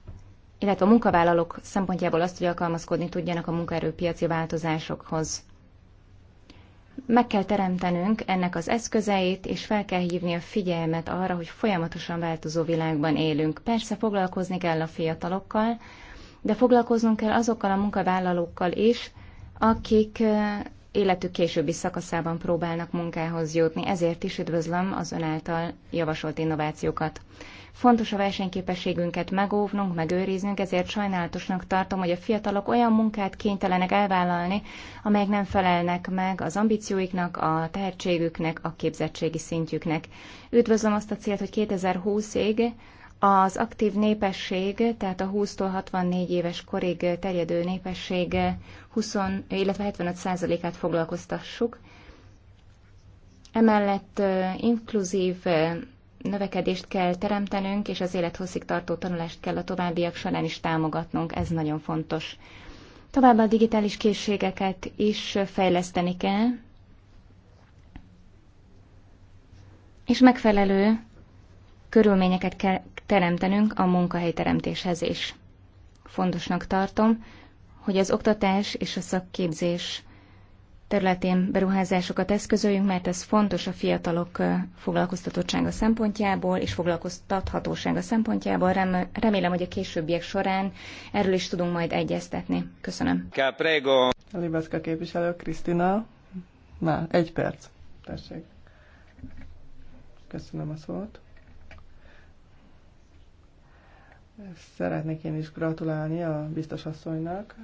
illetve a munkavállalók szempontjából azt, hogy alkalmazkodni tudjanak a munkaerőpiaci változásokhoz. Meg kell teremtenünk ennek az eszközeit, és fel kell hívni a figyelmet arra, hogy folyamatosan változó világban élünk. Persze foglalkozni kell a fiatalokkal, de foglalkoznunk kell azokkal a munkavállalókkal is, akik életük későbbi szakaszában próbálnak munkához jutni, ezért is üdvözlöm az ön által javasolt innovációkat. Fontos a versenyképességünket megóvnunk, megőriznünk, ezért sajnálatosnak tartom, hogy a fiatalok olyan munkát kénytelenek elvállalni, amelyek nem felelnek meg az ambícióiknak, a tehetségüknek, a képzettségi szintjüknek. Üdvözlöm azt a célt, hogy 2020-ig az aktív népesség, tehát a 20-tól 64 éves korig terjedő népesség 20, illetve 75%-át foglalkoztassuk. Emellett inkluzív növekedést kell teremtenünk, és az élethosszig tartó tanulást kell a továbbiak során is támogatnunk, ez nagyon fontos. Továbbá a digitális készségeket is fejleszteni kell, és megfelelő körülményeket kell teremtenünk a munkahelyteremtéshez is. Fontosnak tartom, hogy az oktatás és a szakképzés területén beruházásokat eszközöljünk, mert ez fontos a fiatalok foglalkoztatottsága szempontjából és foglalkoztathatósága szempontjából. Remélem, hogy a későbbiek során erről is tudunk majd egyeztetni. Köszönöm. A Libeszka képviselő, Krisztina. Na, egy perc. Tessék. Köszönöm a szót. Szeretnék én is gratulálni a biztos asszonynak.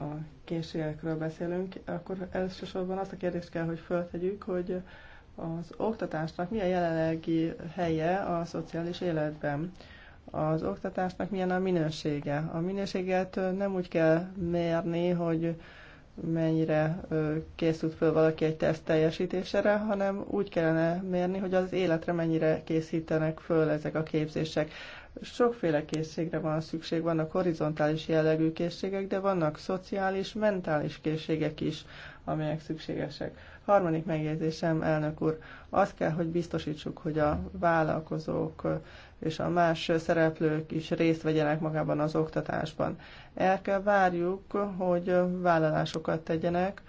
A készségekről beszélünk, akkor elsősorban azt a kérdést kell, hogy föltegyük, hogy az oktatásnak milyen jelenlegi helye a szociális életben. Az oktatásnak milyen a minősége. A minőséget nem úgy kell mérni, hogy mennyire készült föl valaki egy teszt teljesítésére, hanem úgy kellene mérni, hogy az életre mennyire készítenek föl ezek a képzések. Sokféle készségre van szükség, vannak horizontális jellegű készségek, de vannak szociális, mentális készségek is, amelyek szükségesek. Harmadik megjegyzésem, elnök úr, azt kell, hogy biztosítsuk, hogy a vállalkozók és a más szereplők is részt vegyenek magában az oktatásban. El kell várjuk, hogy vállalásokat tegyenek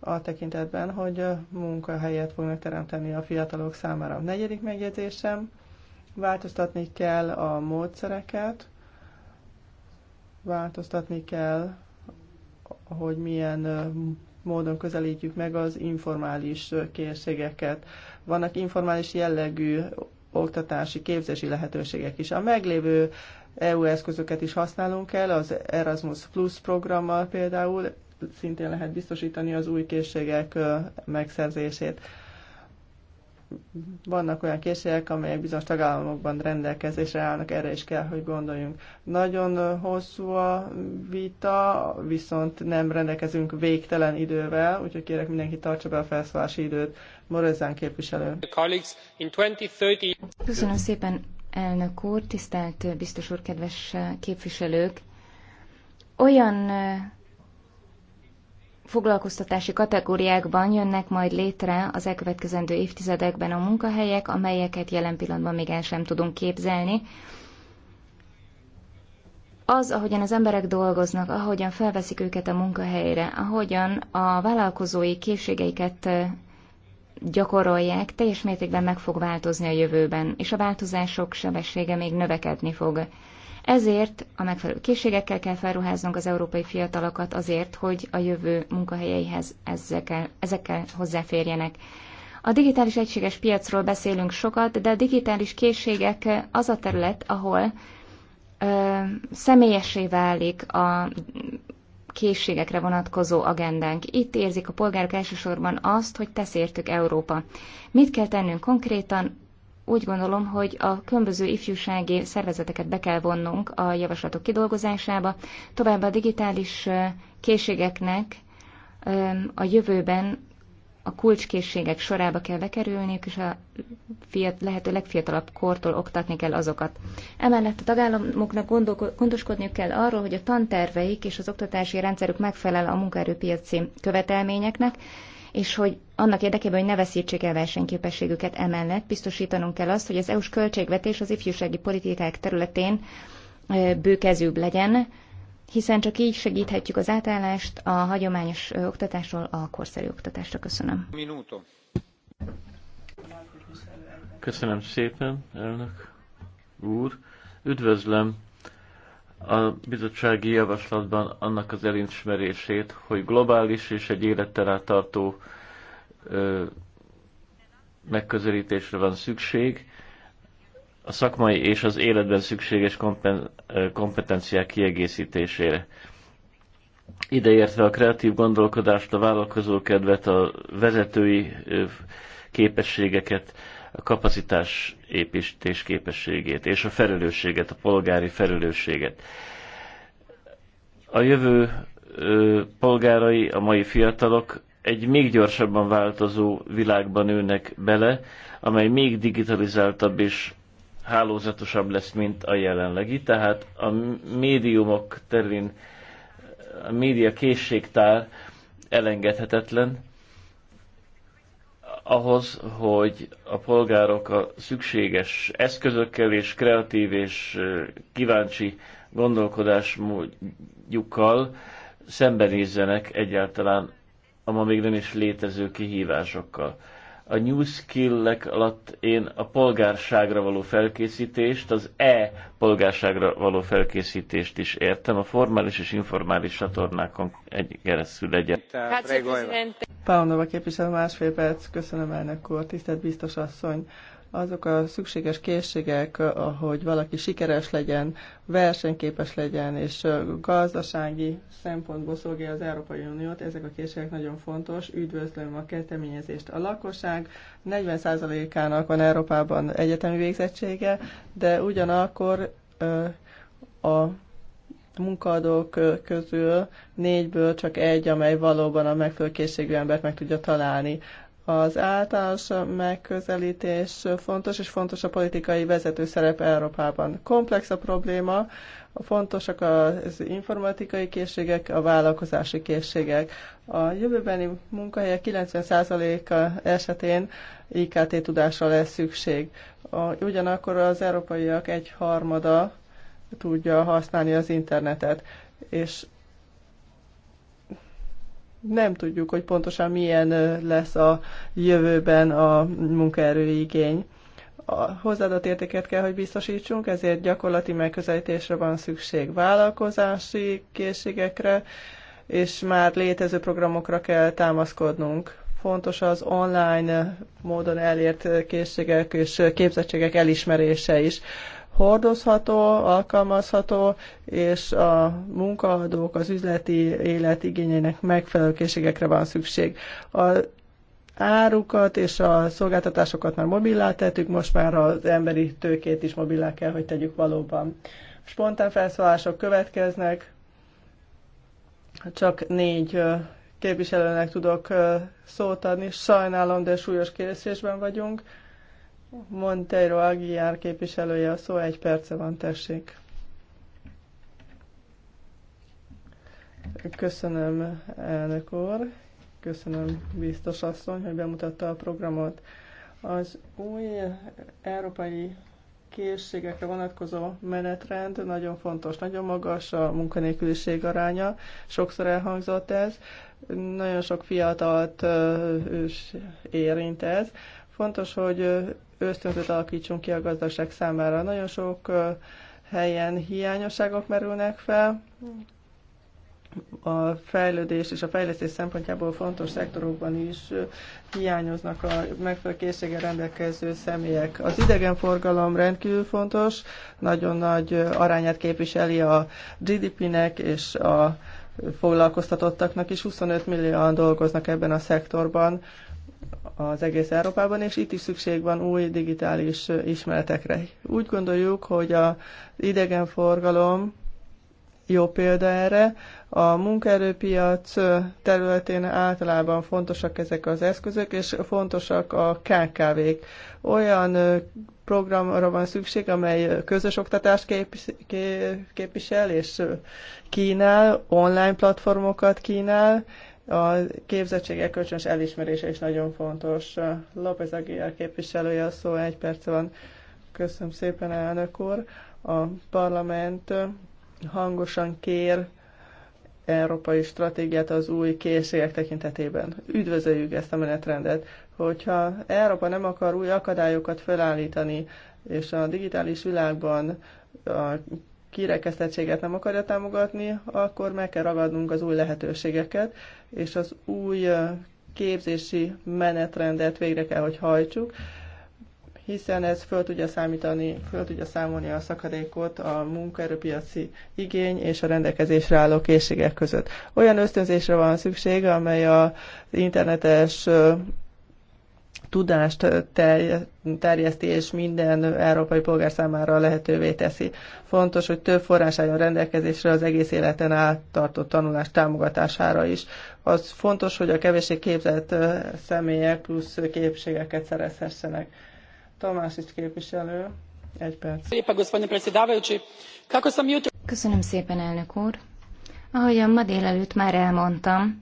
a tekintetben, hogy munkahelyet fognak teremteni a fiatalok számára. A negyedik megjegyzésem, változtatni kell a módszereket, változtatni kell, hogy milyen módon közelítjük meg az informális készségeket. Vannak informális jellegű oktatási, képzési lehetőségek is. A meglévő EU eszközöket is használunk el, az Erasmus Plus programmal például szintén lehet biztosítani az új készségek megszerzését vannak olyan készségek, amelyek bizonyos tagállamokban rendelkezésre állnak, erre is kell, hogy gondoljunk. Nagyon hosszú a vita, viszont nem rendelkezünk végtelen idővel, úgyhogy kérek mindenki tartsa be a felszólási időt. Morozán képviselő. Köszönöm szépen, elnök úr, tisztelt biztos úr, kedves képviselők. Olyan foglalkoztatási kategóriákban jönnek majd létre az elkövetkezendő évtizedekben a munkahelyek, amelyeket jelen pillanatban még el sem tudunk képzelni. Az, ahogyan az emberek dolgoznak, ahogyan felveszik őket a munkahelyre, ahogyan a vállalkozói készségeiket eh, gyakorolják, teljes mértékben meg fog változni a jövőben, és a változások sebessége még növekedni fog. Ezért a megfelelő készségekkel kell felruháznunk az európai fiatalokat azért, hogy a jövő munkahelyeihez ezekkel, ezekkel hozzáférjenek. A digitális egységes piacról beszélünk sokat, de a digitális készségek az a terület, ahol ö, személyessé válik a készségekre vonatkozó agendánk. Itt érzik a polgárok elsősorban azt, hogy tesz értük Európa. Mit kell tennünk konkrétan? úgy gondolom, hogy a különböző ifjúsági szervezeteket be kell vonnunk a javaslatok kidolgozásába, továbbá a digitális készségeknek a jövőben a kulcskészségek sorába kell bekerülniük, és a fiat, lehető legfiatalabb kortól oktatni kell azokat. Emellett a tagállamoknak gondoskodniuk kell arról, hogy a tanterveik és az oktatási rendszerük megfelel a munkaerőpiaci követelményeknek, és hogy annak érdekében, hogy ne veszítsék el versenyképességüket emellett, biztosítanunk kell azt, hogy az EU-s költségvetés az ifjúsági politikák területén bőkezőbb legyen, hiszen csak így segíthetjük az átállást a hagyományos oktatásról a korszerű oktatásra. Köszönöm. Minuto. Köszönöm szépen, elnök úr. Üdvözlöm a bizottsági javaslatban annak az elismerését, hogy globális és egy élettel tartó megközelítésre van szükség, a szakmai és az életben szükséges kompetenciák kiegészítésére. Ideértve a kreatív gondolkodást, a vállalkozókedvet, a vezetői képességeket, a kapacitás építés képességét és a felelősséget, a polgári felelősséget. A jövő polgárai, a mai fiatalok egy még gyorsabban változó világban ülnek bele, amely még digitalizáltabb és hálózatosabb lesz, mint a jelenlegi. Tehát a médiumok terén a média készségtár elengedhetetlen, ahhoz, hogy a polgárok a szükséges eszközökkel és kreatív és kíváncsi gondolkodásmódjukkal szembenézzenek egyáltalán a ma még nem is létező kihívásokkal. A New Skill-ek alatt én a polgárságra való felkészítést, az E polgárságra való felkészítést is értem, a formális és informális csatornákon egy keresztül legyen. Hát, Pálnova képviselő másfél perc, köszönöm elnök úr, tisztelt biztos asszony azok a szükséges készségek, hogy valaki sikeres legyen, versenyképes legyen, és gazdasági szempontból szolgálja az Európai Uniót, ezek a készségek nagyon fontos. Üdvözlöm a kezdeményezést. A lakosság 40%-ának van Európában egyetemi végzettsége, de ugyanakkor a munkadók közül négyből csak egy, amely valóban a megfelelő készségű embert meg tudja találni. Az általános megközelítés fontos, és fontos a politikai vezető szerep Európában. Komplex a probléma, fontosak az informatikai készségek, a vállalkozási készségek. A jövőbeni munkahelyek 90%-a esetén IKT tudásra lesz szükség. Ugyanakkor az európaiak egy harmada tudja használni az internetet, és nem tudjuk, hogy pontosan milyen lesz a jövőben a igény. A hozzáadott értéket kell, hogy biztosítsunk, ezért gyakorlati megközelítésre van szükség vállalkozási készségekre, és már létező programokra kell támaszkodnunk. Fontos az online módon elért készségek és képzettségek elismerése is hordozható, alkalmazható, és a munkaadók az üzleti élet igényeinek megfelelő készségekre van szükség. A árukat és a szolgáltatásokat már mobillá tettük, most már az emberi tőkét is mobillá kell, hogy tegyük valóban. Spontán felszólások következnek, csak négy képviselőnek tudok szót adni. Sajnálom, de súlyos készésben vagyunk. Monteiro Aguiar képviselője a szó, egy perce van, tessék. Köszönöm, elnök úr. Köszönöm, biztos asszony, hogy bemutatta a programot. Az új európai készségekre vonatkozó menetrend nagyon fontos, nagyon magas a munkanélküliség aránya, sokszor elhangzott ez, nagyon sok fiatalt érint ez. Fontos, hogy ösztönzőt alakítsunk ki a gazdaság számára. Nagyon sok helyen hiányosságok merülnek fel, a fejlődés és a fejlesztés szempontjából fontos szektorokban is hiányoznak a megfelelő készsége rendelkező személyek. Az idegenforgalom rendkívül fontos, nagyon nagy arányát képviseli a GDP-nek és a foglalkoztatottaknak is. 25 millióan dolgoznak ebben a szektorban az egész Európában, és itt is szükség van új digitális ismeretekre. Úgy gondoljuk, hogy az idegenforgalom jó példa erre. A munkaerőpiac területén általában fontosak ezek az eszközök, és fontosak a KKV-k. Olyan programra van szükség, amely közös oktatást kép, képvisel és kínál, online platformokat kínál, a képzettségek kölcsönös elismerése is nagyon fontos. López Aguilar képviselője a szó, egy perc van. Köszönöm szépen, elnök úr. A parlament hangosan kér európai stratégiát az új készségek tekintetében. Üdvözöljük ezt a menetrendet. Hogyha Európa nem akar új akadályokat felállítani, és a digitális világban a kirekesztettséget nem akarja támogatni, akkor meg kell ragadnunk az új lehetőségeket, és az új képzési menetrendet végre kell, hogy hajtsuk, hiszen ez föl tudja számítani, föl tudja számolni a szakadékot a munkaerőpiaci igény és a rendelkezésre álló készségek között. Olyan ösztönzésre van szükség, amely az internetes tudást terjeszti, és minden európai polgár számára lehetővé teszi. Fontos, hogy több forrás álljon rendelkezésre az egész életen át tartott tanulás támogatására is. Az fontos, hogy a kevéssé képzett személyek plusz képességeket szerezhessenek. Tamás is képviselő, egy perc. Köszönöm szépen, elnök úr. Ahogyan ma délelőtt már elmondtam,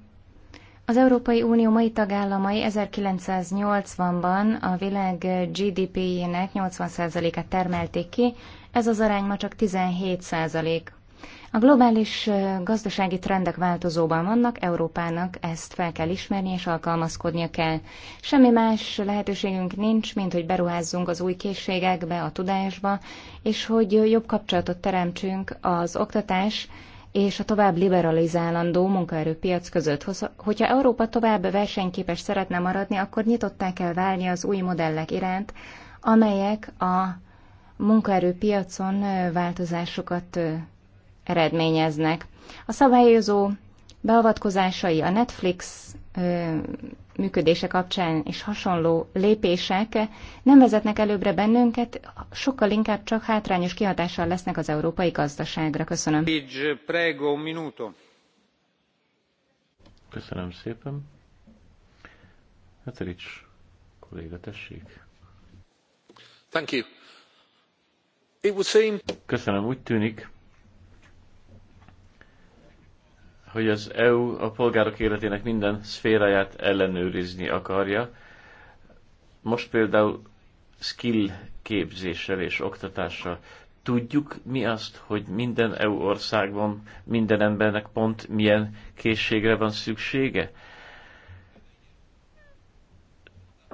az Európai Unió mai tagállamai 1980-ban a világ GDP-jének 80%-át termelték ki, ez az arány ma csak 17%. A globális gazdasági trendek változóban vannak, Európának ezt fel kell ismerni és alkalmazkodnia kell. Semmi más lehetőségünk nincs, mint hogy beruházzunk az új készségekbe, a tudásba, és hogy jobb kapcsolatot teremtsünk az oktatás és a tovább liberalizálandó munkaerőpiac között. Hogyha Európa tovább versenyképes szeretne maradni, akkor nyitottá kell válni az új modellek iránt, amelyek a munkaerőpiacon változásokat eredményeznek. A szabályozó beavatkozásai a Netflix működése kapcsán és hasonló lépések nem vezetnek előbbre bennünket, sokkal inkább csak hátrányos kihatással lesznek az európai gazdaságra. Köszönöm. Köszönöm szépen. Heterics kolléga, tessék. Thank you. It would seem... Köszönöm, úgy tűnik, hogy az EU a polgárok életének minden szféráját ellenőrizni akarja. Most például skill képzéssel és oktatással tudjuk mi azt, hogy minden EU országban minden embernek pont milyen készségre van szüksége?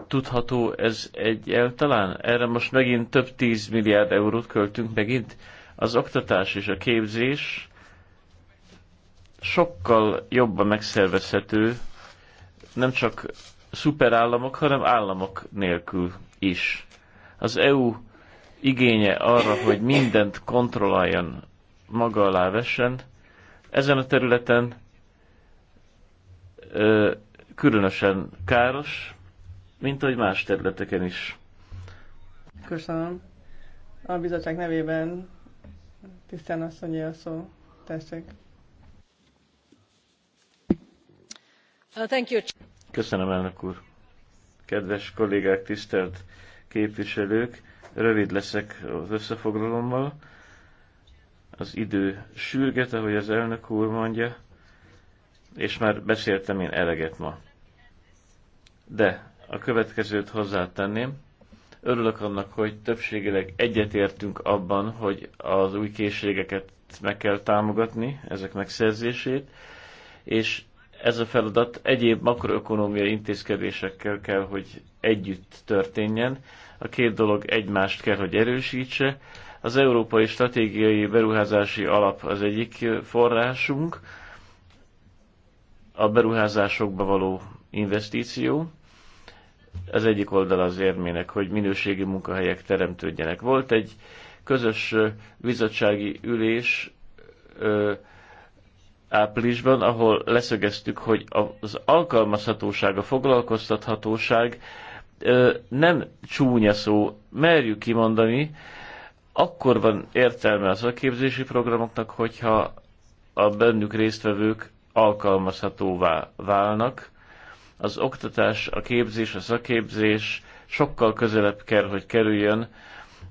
Tudható ez egy eltalán? Erre most megint több tíz milliárd eurót költünk megint. Az oktatás és a képzés sokkal jobban megszervezhető, nem csak szuperállamok, hanem államok nélkül is. Az EU igénye arra, hogy mindent kontrolláljon, maga alá vessen, ezen a területen ö, különösen káros, mint ahogy más területeken is. Köszönöm. A bizottság nevében tisztán asszonyi a szó. Tessék. Uh, Köszönöm, elnök úr. Kedves kollégák, tisztelt képviselők, rövid leszek az összefoglalommal. Az idő sürget, ahogy az elnök úr mondja, és már beszéltem én eleget ma. De a következőt hozzátenném. Örülök annak, hogy többségileg egyetértünk abban, hogy az új készségeket meg kell támogatni, ezek megszerzését, és ez a feladat egyéb makroökonomiai intézkedésekkel kell, hogy együtt történjen. A két dolog egymást kell, hogy erősítse. Az Európai Stratégiai Beruházási Alap az egyik forrásunk, a beruházásokba való investíció. Az egyik oldal az érmének, hogy minőségi munkahelyek teremtődjenek. Volt egy közös bizottsági ülés, áprilisban, ahol leszögeztük, hogy az alkalmazhatóság, a foglalkoztathatóság nem csúnya szó, merjük kimondani, akkor van értelme az képzési programoknak, hogyha a bennük résztvevők alkalmazhatóvá válnak. Az oktatás, a képzés, a szaképzés sokkal közelebb kell, hogy kerüljön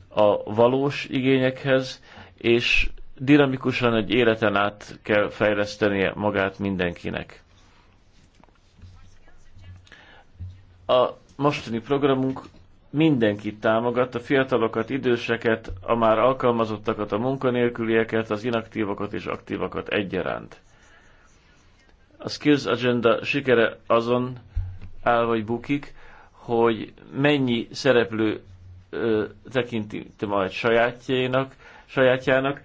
a valós igényekhez, és dinamikusan egy életen át kell fejlesztenie magát mindenkinek. A mostani programunk mindenkit támogat, a fiatalokat, időseket, a már alkalmazottakat, a munkanélkülieket, az inaktívokat és aktívakat egyaránt. A Skills Agenda sikere azon áll vagy bukik, hogy mennyi szereplő ö, tekinti majd sajátjának, sajátjának,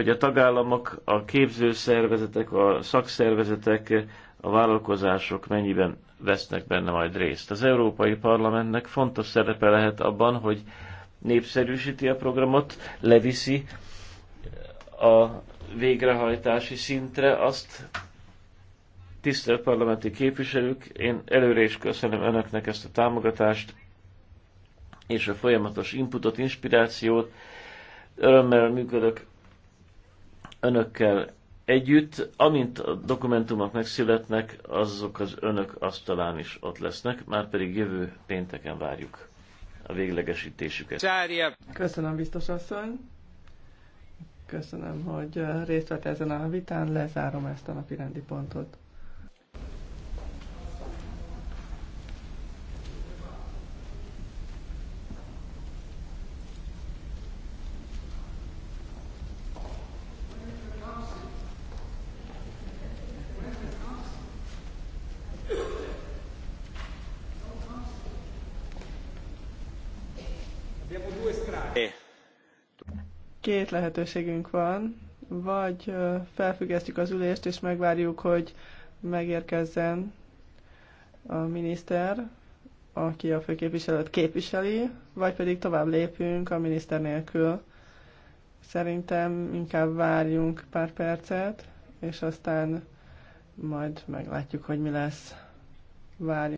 hogy a tagállamok, a képzőszervezetek, a szakszervezetek, a vállalkozások mennyiben vesznek benne majd részt. Az Európai Parlamentnek fontos szerepe lehet abban, hogy népszerűsíti a programot, leviszi a végrehajtási szintre azt, tisztelt parlamenti képviselők, én előre is köszönöm önöknek ezt a támogatást, és a folyamatos inputot, inspirációt. Örömmel működök önökkel együtt, amint a dokumentumok megszületnek, azok az önök asztalán is ott lesznek, már pedig jövő pénteken várjuk a véglegesítésüket. Köszönöm, biztos asszony! Köszönöm, hogy részt vett ezen a vitán, lezárom ezt a napi rendi pontot. Két lehetőségünk van, vagy felfüggesztjük az ülést, és megvárjuk, hogy megérkezzen a miniszter, aki a főképviselőt képviseli, vagy pedig tovább lépünk a miniszter nélkül. Szerintem inkább várjunk pár percet, és aztán majd meglátjuk, hogy mi lesz. Várjunk.